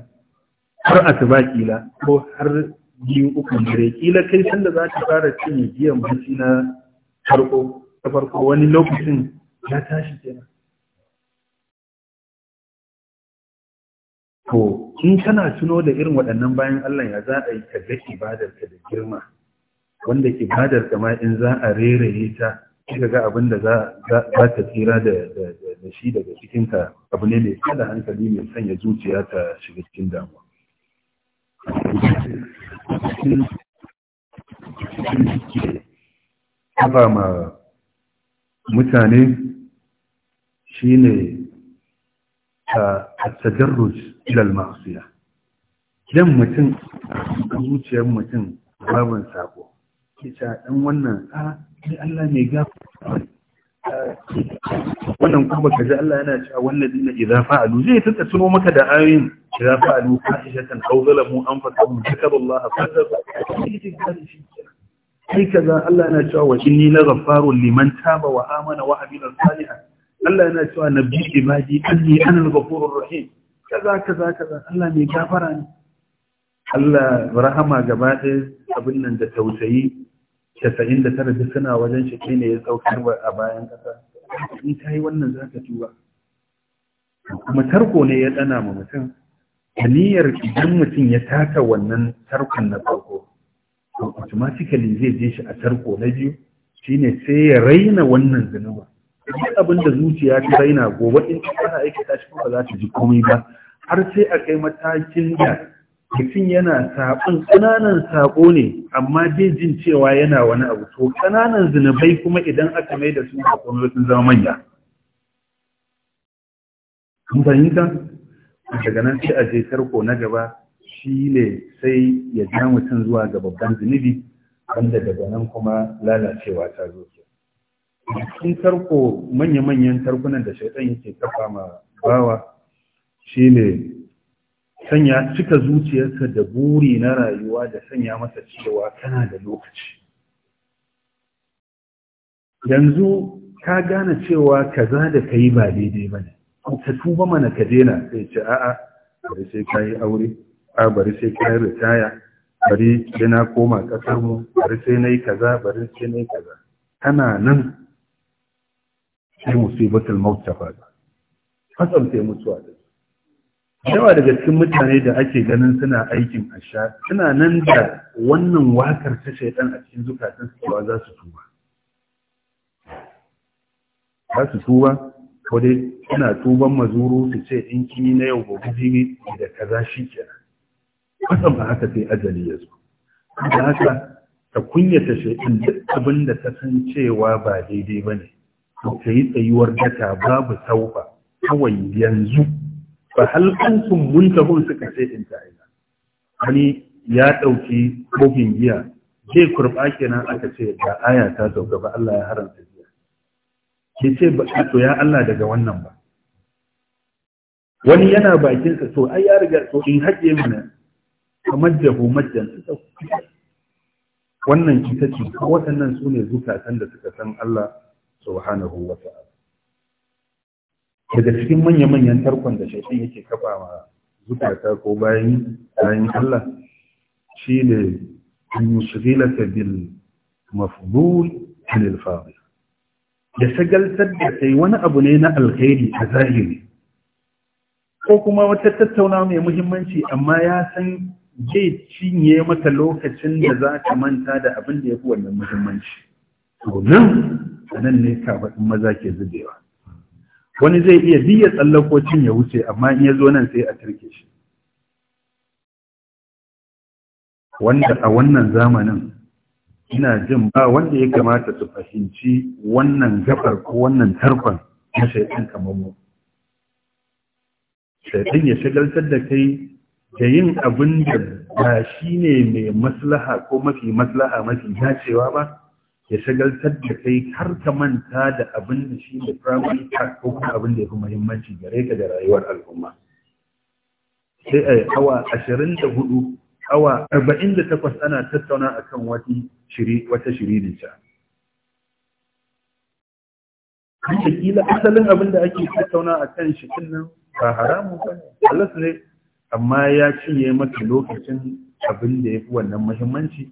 har asuba kila ko har biyu uku dare kila kai sanda za ka fara cin giyan bacci na farko Da farko wani lokacin ya tashi kenan to in kana tuno da irin waɗannan bayan Allah ya za a yi ka ga ibadarka da girma wanda ibadar ka ma in za a reraye ta kika ga abin da za ta tsira da shi daga cikinka abu ne mai kada hankali mai sanya zuciya ta shiga cikin damuwa. Kaba ma mutane shine at-tadarruj ila al-ma'siyah idan mutum a zuciyar mutum babin sako kisa ɗan wannan a sai Allah mai gafara wannan kuma ka ji Allah yana cewa wallazina idan fa'alu zai tsaka tuno maka da ayoyin idza fa'alu fahishatan aw zalamu anfusahum kataballahu fa kai kaza Allah yana cewa wa inni la ghaffarun liman taba wa amana wa amila salihan Allah yana cewa nabbi ibadi anni ana al-ghafurur rahim kaza kaza kaza Allah mai gafara ne Allah rahama gaba ɗaya abin nan da tausayi 99 duk suna wajen shi ne ya saukar a bayan ƙasa in ta yi wannan za ka tuba kuma tarko ne ya ɗana ma mutum aniyar idan mutum ya taka wannan tarkon na farko to automatically zai je shi a tarko na biyu shine sai ya raina wannan zunuba duk abin da zuciya ta raina gobe in aiki ta shi ba za ta ji komai ba har sai a kai matakin da mutum yana sabon ƙananan saƙo ne amma dai jin cewa yana wani abu to ƙananan zunubai kuma idan aka mai da su ba komai sun zama manya kun fahimta daga nan sai a je tarko na gaba shi ne sai ya ja mutum zuwa ga babban zunubi wanda daga nan kuma lalacewa ta zo ke cikin tarko manya-manyan tarkunan da shaitan yake kafa ma bawa shi ne sanya cika zuciyarsa da buri na rayuwa da sanya masa cewa kana da lokaci yanzu ka gane cewa kaza da ka yi ba daidai ba ne ka tuba mana ka daina sai ce a'a da sai ka yi aure a bari sai kai ritaya bari sai na koma kasar mu bari sai nayi kaza bari sai nayi kaza kana nan sai musibatul maut ta faɗa fasal sai mutuwa da yawa daga cikin mutane da ake ganin suna aikin asha suna nan da wannan wakar ta shaitan a cikin zukatan su cewa za su tuba za su tuba ko dai suna tuban mazuru su ce in kini na yau gobe jini da kaza shi kenan wannan ba haka sai ajali ya zo da haka ta kunyata shi duk abin da ta san cewa ba daidai ba ne ta yi tsayuwar data babu saufa kawai yanzu ba halkansun muntahun suka ce in ta ina wani ya ɗauki kofin giya zai kurɓa kenan aka ce ga aya ta sauka ba Allah ya haramta giya ke ce ba to ya Allah daga wannan ba wani yana bakinsa to ai ya riga to in haƙe mana kamar jahu majjan su ɗauki wannan cuta ce waɗannan su ne zukatan da suka san Allah subhanahu wa ta'ala daga cikin manya-manyan tarkon da shaitan yake kafa ma zukata ko bayan bayan Allah shi ne an yushghilaka bil mafdul lil fadil Da shagaltar da kai wani abu ne na alkhairi a zahiri ko kuma wata tattauna mai muhimmanci amma ya san zai cinye mata lokacin da za ka manta da abin da ya fi wannan muhimmanci to nan a nan ne kafin maza ke zubewa wani zai iya biya tsallakocin ya wuce amma in ya zo nan sai a turke shi wanda a wannan zamanin ina jin ba wanda ya kamata su fahimci wannan gafar ko wannan tarkon na shaidan kamar mu Shaidan ya shagaltar da kai da yin abin da ba shi ne mai maslaha ko mafi maslaha mafi dacewa ba ya shagaltar da kai har ka manta da abin da shi ne primary task ko kuma abin da ya fi muhimmanci gare ka da rayuwar al'umma sai a awa ashirin da hudu awa arba'in da takwas ana tattauna kan wata shiri wata shiririnta kan da kila asalin abin da ake tattauna a kan shi nan ba haramun ba ne amma ya cinye maka lokacin abin da ya fi wannan mahimmanci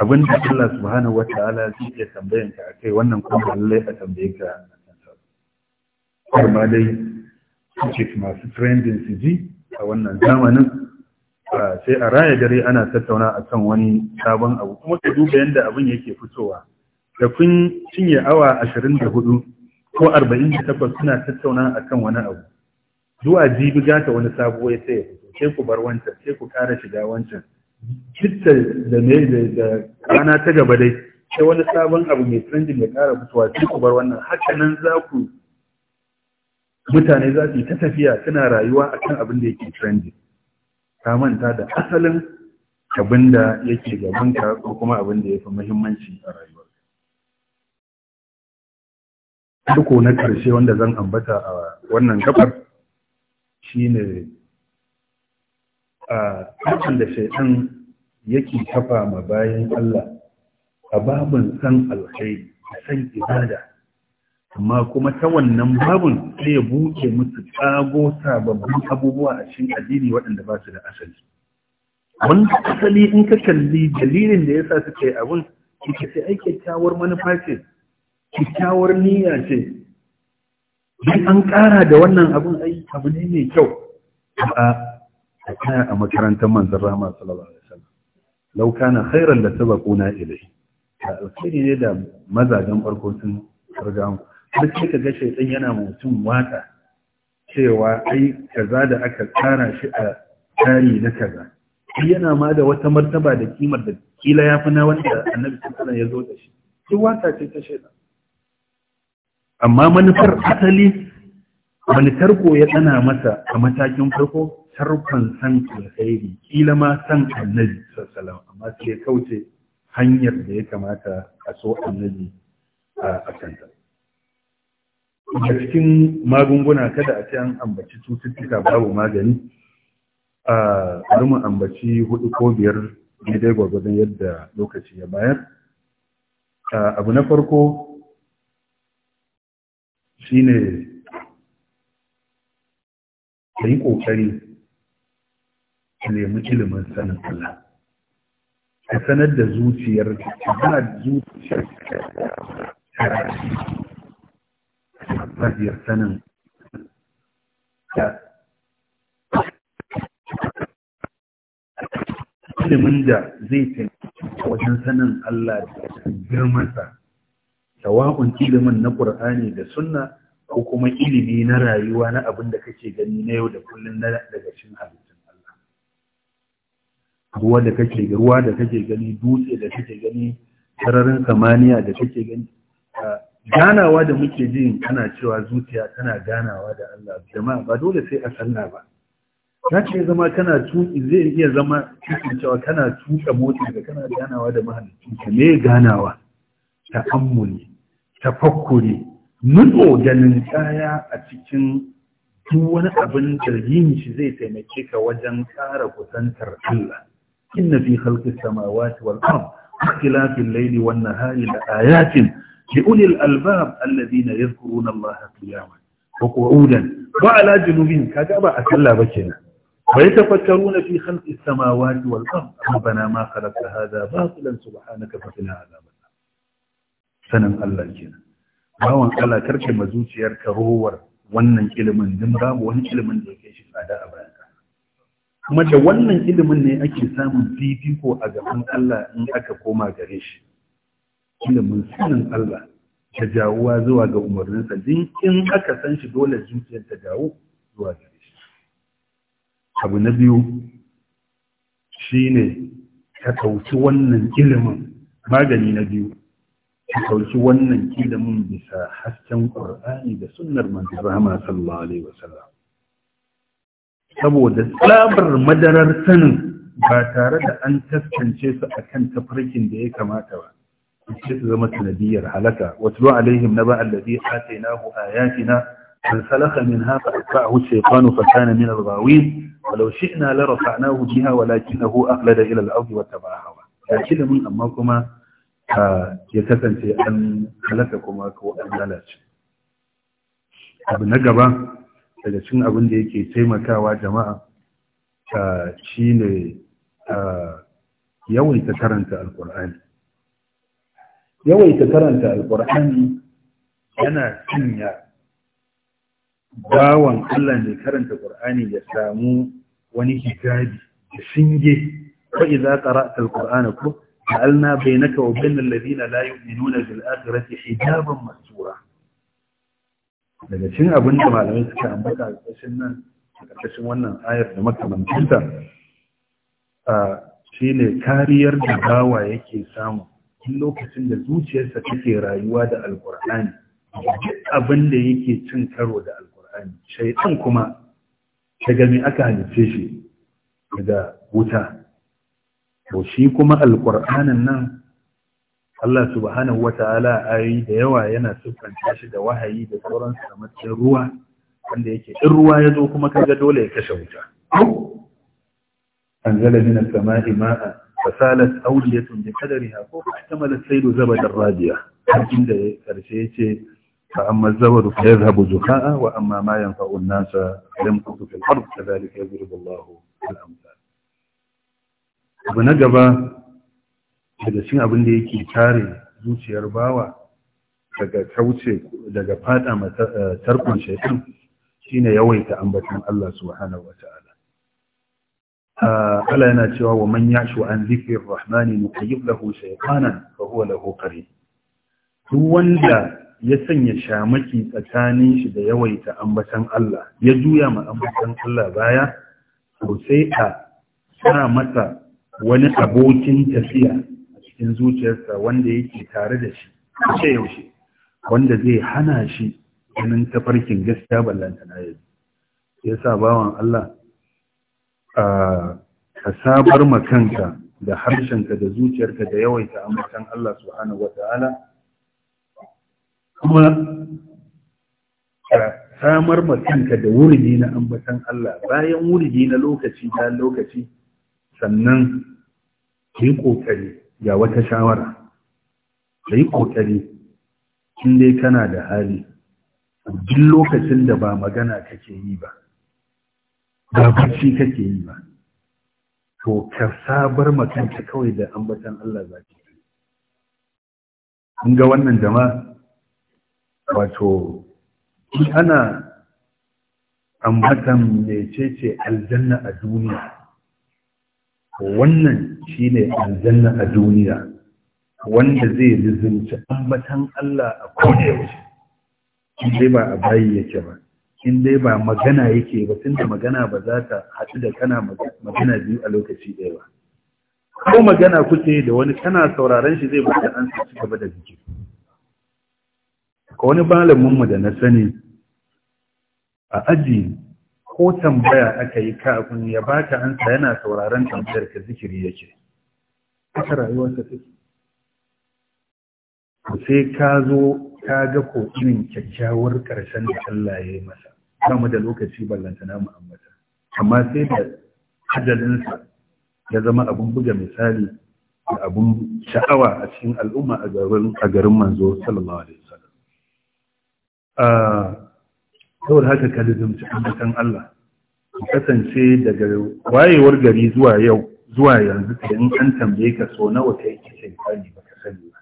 abin da Allah subhanahu wata'ala zai iya tambayan ka akai wannan kuma lallai a tambaye ka har ma dai suke masu trending su ji a wannan zamanin sai a raya dare ana tattauna akan wani sabon abu kuma ka duba yadda abin yake fitowa da kun cinye awa 24 ko 48 suna tattauna akan wani abu zuwa jibi gata wani sabo ya sai sai ku bar wancan sai ku ƙara shiga wancan citta da ne da rana ta gaba dai sai wani sabon abu mai trending ya ƙara fitowa sai ku bar wannan haka nan za ku mutane za su yi ta tafiya suna rayuwa akan abin da yake trending ka manta da asalin abin da yake gabanka ko kuma abin da ya fi muhimmanci a rayuwar Duko na ƙarshe wanda zan ambata a wannan kafar shine a cikin da shaitan yake kafa ma bayan Allah a babin san alkhairi san ibada amma kuma ta wannan babin sai ya buke musu kago sababbin abubuwa a cikin addini waɗanda ba su da asali wanda asali in ka kalli dalilin da yasa suke abun ita sai ai kyakkyawar manufa ce kyakkyawar niyya ce duk an ƙara da wannan abin ai abu ne mai kyau a kaya a makarantar manzon rahama sallallahu Lauka na law da khairan kuna sabaquna ilai ta alkhairi ne da mazajen farko sun har sai ka ga ɗin yana mutum waka cewa ai kaza da aka tsara shi a tari na kaza yana ma da wata martaba da kimar da kila ya fi na wanda annabi sallallahu alaihi wasallam ya zo da shi duk waka ce ta shaida. amma manufar asali wani tarko ya tsana masa a matakin farko tarkon san alkhairi kila ma san annabi sallallahu amma sai kauce hanyar da ya kamata a so annabi a akanta a cikin magunguna kada a ce an ambaci cututtuka babu magani a bari ambaci hudu ko biyar daidai gwargwadon yadda lokaci ya bayar abu na farko shine ka yi ƙoƙari ka nemi ilimin sanin Allah ka sanar da zuciyar ka gina zuciyar ka sanin ilimin da zai taimaka wajen sanin Allah da girmansa tawa'un ilimin na ƙur'ani da sunna ko kuma ilimi na rayuwa na abin da kake gani na yau da kullum na daga cikin halittun Allah ruwa da kake ruwa da kake gani dutse da kake gani sararin samaniya da kake gani ganawa da muke jin kana cewa zuciya tana ganawa da Allah jama'a ba dole sai a sallah ba ta ce zama kana tu zai iya zama cewa kana tuka motsi da kana ganawa da mahalicci ka me ganawa ta'ammuli tafakkuri nuno ganin kaya a cikin duk wani abin da shi zai taimake ka wajen tsara kusantar Allah inna fi khalqi samawati wal ardi ikhtilafil layli wan nahari la ayatin li ulil albab alladhina yadhkuruna Allah qiyaman wa qu'udan wa ala junubin kaga ba a salla ba kenan bai tafakkaruna fi khalqi samawati wal ardi rabbana ma khalaqta hadha batilan subhanaka fa qina adhaban sanin Allah kenan bawan Allah karke ma zuciyar ka rowar wannan ilimin din babu wani ilimin da yake shi tsada a bayan ka kuma da wannan ilimin ne ake samun fifiko a gaban Allah in aka koma gare shi ilimin sanin Allah ta jawuwa zuwa ga umarninsa din in aka san shi dole zuciyar ta dawo zuwa gare shi abu na biyu shine ka ɗauki wannan ilimin magani na biyu ki ɗauki wannan ki da mun bisa hasken Ƙur'ani da sunnar manzo rahama sallallahu alaihi wasallam saboda tsabar madarar sanin ba tare da an taskance su a kan tafarkin da ya kamata ba ce su zama sanadiyar halaka watlu alaihim na ba allazi atainahu ayatina man salaka min hafa atba'ahu shaytanu fa kana min al-ghawin walau shi'na la rafa'nahu biha walakinahu akhlada ila al-ardi wa tabaha ba ki da mun amma kuma ya kasance an halatta kuma ko an lalace abu na gaba daga cikin abin da yake taimakawa jama'a shi ne yawaita karanta alkur'ani yawaita karanta alkur'ani yana ya bawan Allah ne karanta ƙur'ani ya samu wani hijabi da shinge ko idan ka al-Qur'ana ko جعلنا بينك وبين الذين لا يؤمنون بالآخرة حجابا مستورا daga cin abin da malamai suka ambata a ƙarshen nan a ƙarƙashin wannan ayar da makarantarta, shi ne kariyar da bawa yake samu tun lokacin da zuciyarsa take rayuwa da alkur'ani duk abin da yake cin karo da alkur'ani shaidan kuma daga gami aka halice shi daga wuta to shi kuma alƙur'anin nan Allah subhanahu wa ta'ala ayi da yawa yana siffanta shi da wahayi da sauransu da matsayin ruwa wanda yake in ruwa ya zo kuma kaga dole ya kashe wuta anzala min as-sama'i ma'a fasalat awliyatun bi qadariha fa ihtamala as-saylu zabadan radiya inda karshe yace fa amma az-zabadu fa yadhhabu zuqa'a wa amma ma yanfa'u an-nasa lam yakun fil ard kadhalika yadribu Allahu al abu na gaba daga cin abin da yake tare zuciyar bawa daga kauce daga fada eh, tarkon shaitan shine yawaita ambaton Allah subhanahu wataala ah, Allah yana cewa wa man yashu an zikrir rahmani nuqayyib lahu shaytanan fa huwa lahu qarin duk wanda ya sanya shamaki tsakanin shi da yawaita ambaton Allah ya juya ma ambaton Allah baya sosai a sa mata wani abokin tafiya a cikin zuciyarsa wanda yake tare da shi ce yaushe wanda zai hana shi ganin tafarkin gaskiya ballanta na ya sa, bawan Allah ka sabar makanka da harshenka da zuciyarka da yawaita amurkan Allah subhanahu ta'ala? kuma samar makanka da wurgi na ambatan Allah bayan wurgi na lokaci ta lokaci sannan ki yi ƙoƙari ga wata shawara ka yi ƙoƙari in dai kana da hali duk lokacin da ba magana kake yi ba ba bacci kake yi ba to ka sabar makanta kawai da ambatan Allah za ki ga wannan jama'a wato ana ambatan mecece aljanna a duniya wannan shine aljanna a duniya wanda zai lizinci ambatan Allah a kowace yaushe in dai ba a bayi yake ba in dai ba magana yake ba tunda magana ba za ta haɗu da kana magana biyu a lokaci ɗaya ba ko magana kuke da wani kana sauraron shi zai bada an ci gaba da jiki ko wani malamin mu da na sani a aji ko tambaya aka yi kafin ya ba ta ansa yana sauraron tambayar ka zikiri yake haka rayuwarsa take sai ka zo ka ga ko irin kyakkyawar ƙarshen da Allah ya yi masa ba mu da lokaci ballantana mu ambata amma sai da ajalinsa ya zama abun buga misali da abun sha'awa a cikin al'umma a garin manzo sallallahu alaihi wasallam ah, saboda haka ka lizumci ambatan Allah kasance daga wayewar gari zuwa yau zuwa yanzu da in an tambaye ka so nawa ka yi kishin kani ba ka sani ba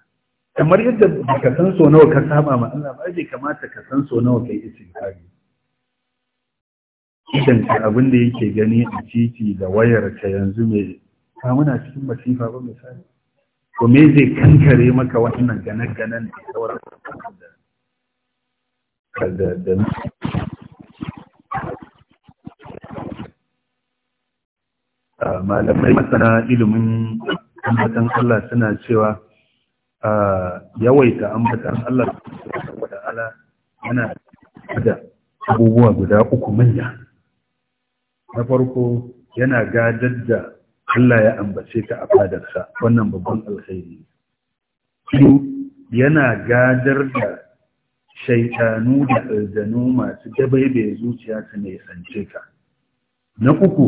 kamar yadda ba ka san so nawa ka saba ma Allah ba zai kamata ka san so nawa ka yi kishin idan ka abin da yake gani a titi da wayar ka yanzu mai ka muna cikin masifa ba misali ko me zai kankare maka wannan ganan-ganan da sauran da da da ah, malamai masana ilimin ambatan Allah suna cewa ah, yawaita ambatan Allah da ala yana da abubuwa guda uku manya na farko yana gadar da Allah ya ambace ta a fadarsa wannan babban alkhairi yana gadar da shaitanu da aljanu masu dabaibe zuciya su ne sance ka na uku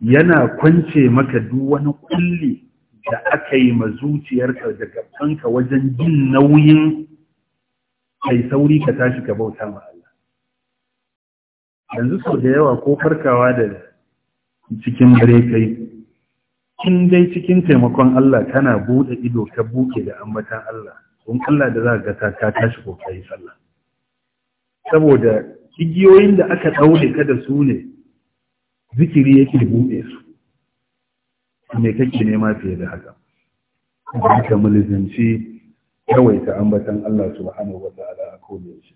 yana kwance maka duk wani kulli da aka yi ma zuciyarka da gabanka wajen jin nauyin kai sauri ka tashi ka bauta ma Allah yanzu sau da yawa ko farkawa da cikin dare kai in dai cikin taimakon Allah kana bude ido ka buke da ambatan Allah in Allah da za ka ta tashi ko kai sallah saboda igiyoyin da aka daure ka da su ne zikiri yake buɗe su me kake nema fiye da haka kuma ka kawai ta ambatan Allah subhanahu wa ta'ala a kowace shi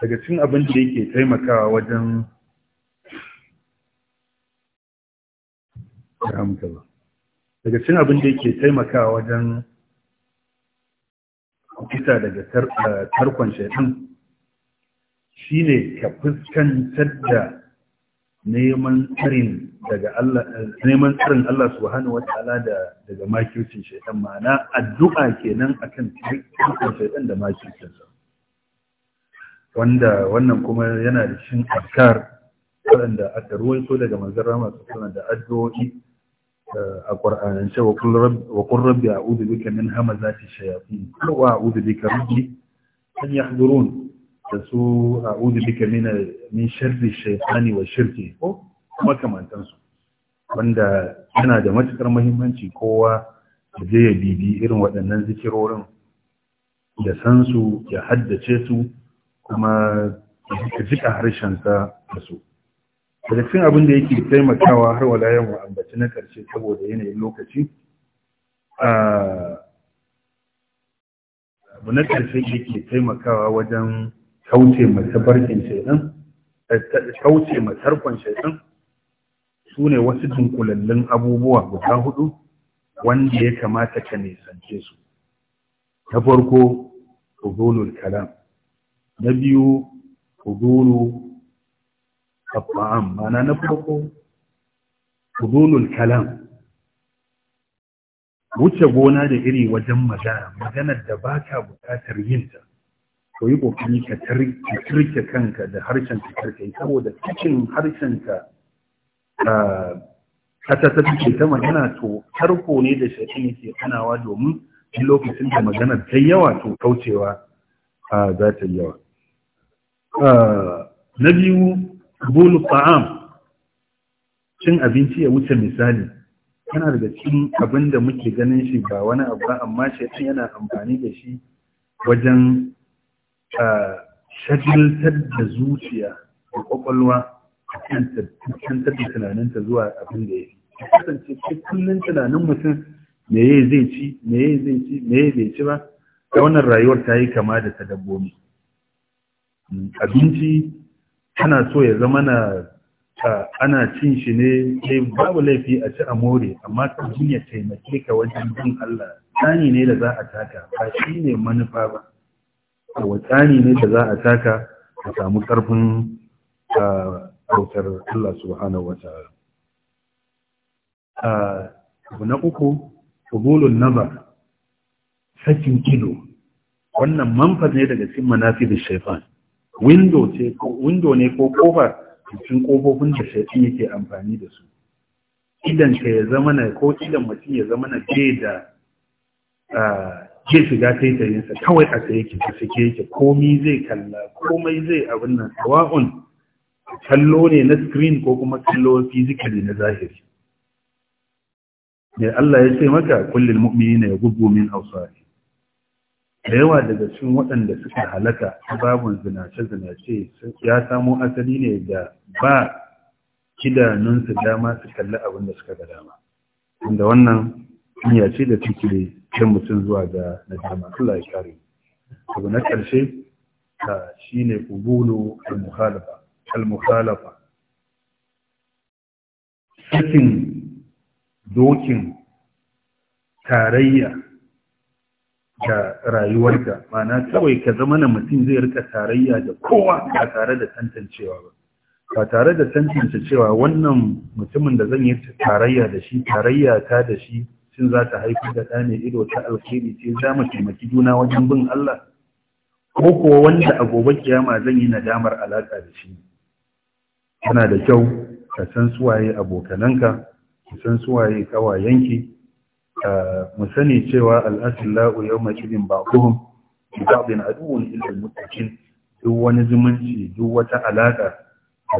daga cin abin da yake taimakawa wajen daga cin abin da yake taimakawa wajen kisa daga eh, tarkon shaitan shine ka fuskantar da neman tsarin Allah su hannu daga makircin shaitan ma'ana addu'a kenan akan tarkon shaitan da makiyocin wanda wannan kuma yana da shin azkar waɗanda aka so daga manzara masu suna da addu'o'i a ƙwar'anance wa kun rabbi a udu bika min hama za ta shayafi a udu bika rabbi yi hadurun da su a udu bika min sharri shaifani wa shirki ko makamantansu wanda yana da matuƙar muhimmanci kowa da je ya bibi irin waɗannan zikirorin ya san su ya haddace su kuma ya jika ka da su da cikin abin da yake taimakawa har wala yamma ambaci na karshe saboda yanayin lokaci abu na ƙarshe yake taimakawa wajen kauce barkin shaidan eh, kauce matarkon shaidan su ne wasu dunkulallun abubuwa guda hudu wanda ya kamata ka nisance su na farko kudulul kalam na biyu hudulu الطعام na نفرق فضول الكلام wuce gona da iri wajen magana maganar da ba ka bukatar yinta ko yi kokari ka turke kanka da harshen ka karkai saboda cikin harshen ka kata ta fice ta magana to tarko ne da shaɗi ne ke kanawa domin lokacin da maganar ta yawa to kaucewa za ta yawa na biyu bulu fa’am cin abinci ya wuce misali yana daga cikin abin da muke ganin shi ba wani abu ba amma shaitan yana amfani da shi wajen shagiltar da zuciya da kwakwalwa kantar da tunaninta zuwa abin da ya fi kasance kullum tunanin mutum me ya zai ci ya zai ci ya bai ci ba ta wannan rayuwar ta yi kama da ta dabbobi hmm, abinci Tana so ya zama na ana cin shi ne sai eh, babu laifi a ci a more amma ka ya taimake ka wajen bin Allah tsani ne da za a taka ba shi ne manufa ba wa tsani ne da za a taka a samu ƙarfin kautar Allah subhanahu wa ta'ala abu na uku qubulun nazar sakin ido wannan manfa ne daga cikin manafi da shaifan. window ne ko kofa cikin kofofin da shaitan yake amfani da su idan ka ya zama na ko idan mutum ya zama na ke da ke shiga taitayinsa kawai a tsaye ke yake komi zai kalla komai zai abin nan tawa'un kallo ne na screen ko kuma kallo physically na zahiri ne Allah ya ce maka kullum mu'mini ne ya gugu min ausari da yawa daga cikin waɗanda suka halaka babun zinace-zinace ya samo asali ne da ba kidanunsu dama su kalli abin da suka ga dama inda wannan hanya ce da cikire kan mutum zuwa ga nadama Allah ya kare abu na ƙarshe ta shine qubulu al al-mukhalafa sakin dokin tarayya da rayuwarka mana kawai ka zama na mutum zai rika tarayya da kowa ba tare da tantancewa ba ba tare da tantance cewa wannan mutumin da zan yi tarayya da shi tarayya ta da shi shin za ta haifar da ɗa ido ta alkhairi ce za mu taimaki juna wajen bin Allah ko kuwa wanda a gobe kiyama zan yi nadamar alaƙa da shi yana da kyau ka san suwaye abokananka ka san suwaye kawayenki mu sani cewa al'asillahu yau makilin bakuhun ibabin adu'un ilil mutakin duk wani zumunci duk wata alaƙa da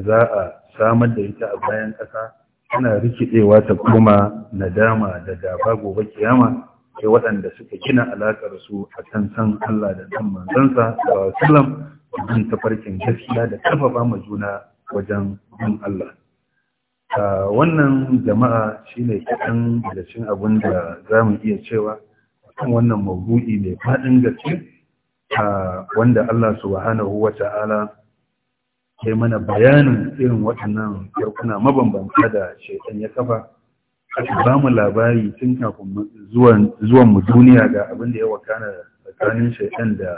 za a samar da ita a bayan ƙasa tana rikidewa ta kuma nadama da gaba gobe kiyama sai waɗanda suka gina alaƙar su a kan san Allah da san manzansa da wasallam don tafarkin gaskiya da ƙarfafa ma juna wajen bin Allah. wannan jama'a shine kaɗan daga cikin abin da za mu iya cewa kan wannan mabu'i mai faɗin gaske wanda Allah subhanahu wa ta'ala ya mana bayanin irin waɗannan yarkuna mabambanta da shaitan ya kafa aka ba mu labari tun kafin zuwan mu duniya ga abin da ya wakana tsakanin shaitan da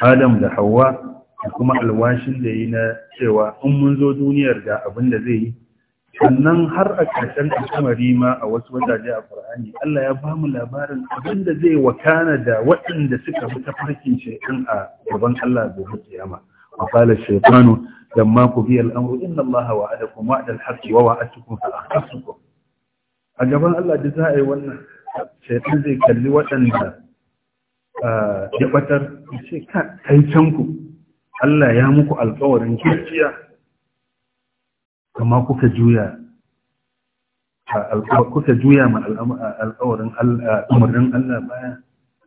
Adam da Hawwa da kuma alwashin da yi na cewa in mun zo duniyar ga abin da zai yi sannan har a ƙarshen al'amari ma a wasu wajaje a Qur'ani Allah ya ba mu labarin abin da zai wakana da waɗanda suka bi ta farkin shaytan a gaban Allah gobe kiyama wa qala shaytanu lamma qudiya al-amru inna Allaha wa'adakum wa'da da haqqi wa wa'adtukum a akhlaftukum a gaban Allah da za a yi wannan shaytan zai kalli waɗanda ah, ya batar ce ka can ku Allah ya muku alƙawarin kirkiya? kama kuka juya kuka juya ma alkawarin umarnin Allah baya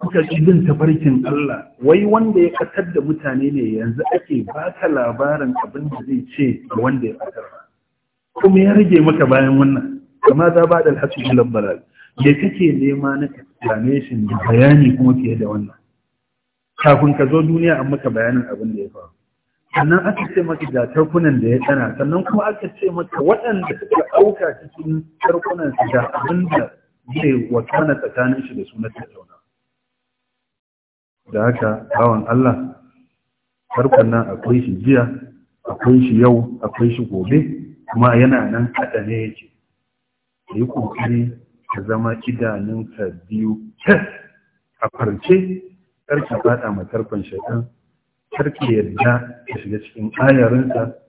kuka ci tafarkin Allah wai wanda ya katar da mutane ne yanzu ake baka labarin abin da zai ce ga wanda ya katar kuma ya rage maka bayan wannan kama za ba da alhaji lambarar da kake nema na kame shi da bayani kuma fiye da wannan kafin ka zo duniya an maka bayanin abin da ya faru sannan aka ce maka ga tarkunan da ya tsana sannan kuma aka ce maka waɗanda suka ɗauka cikin tarkunan su da abin da zai wakana tsakanin shi da sunan tattauna da haka bawan Allah tarkon akwai shi jiya akwai shi yau akwai shi gobe kuma yana nan kaɗa ne yake yi ƙoƙari ka zama idanunka biyu a farce karki fada ma tarkon shaitan karki yadda ya shiga cikin ayarinsa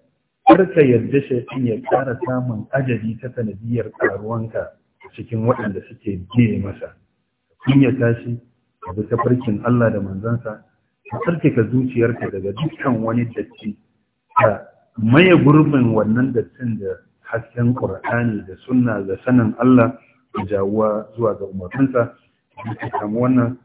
karka yadda shaitan ya kara samun ajali ta sanadiyar karuwanka cikin waɗanda suke biye masa in ya tashi ka bi ta farkin Allah da manzansa ka ka zuciyarka daga dukkan wani datti ka maye gurbin wannan dattin da hasken Qur'ani da sunna da sanin Allah da jawuwa zuwa ga umarninsa ka samu wannan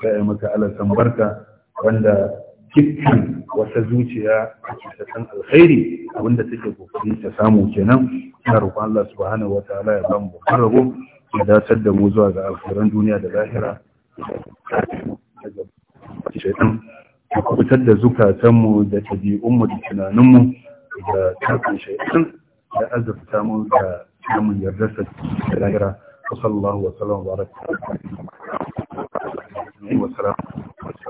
ka maka alasan barka wanda dukkan wata zuciya ta san alkhairi abinda take kokari ta samu kenan ina roƙon Allah subhanahu wataala ya ba mu babban ya da mu zuwa ga alkhairan duniya da lahira shaitan ya kubutar da zukatanmu da tabi'unmu da tunaninmu da tarkin shaitan da azurta mu da samun yardarsa da lahira wa sallallahu wa wa baraka alaihi wasallam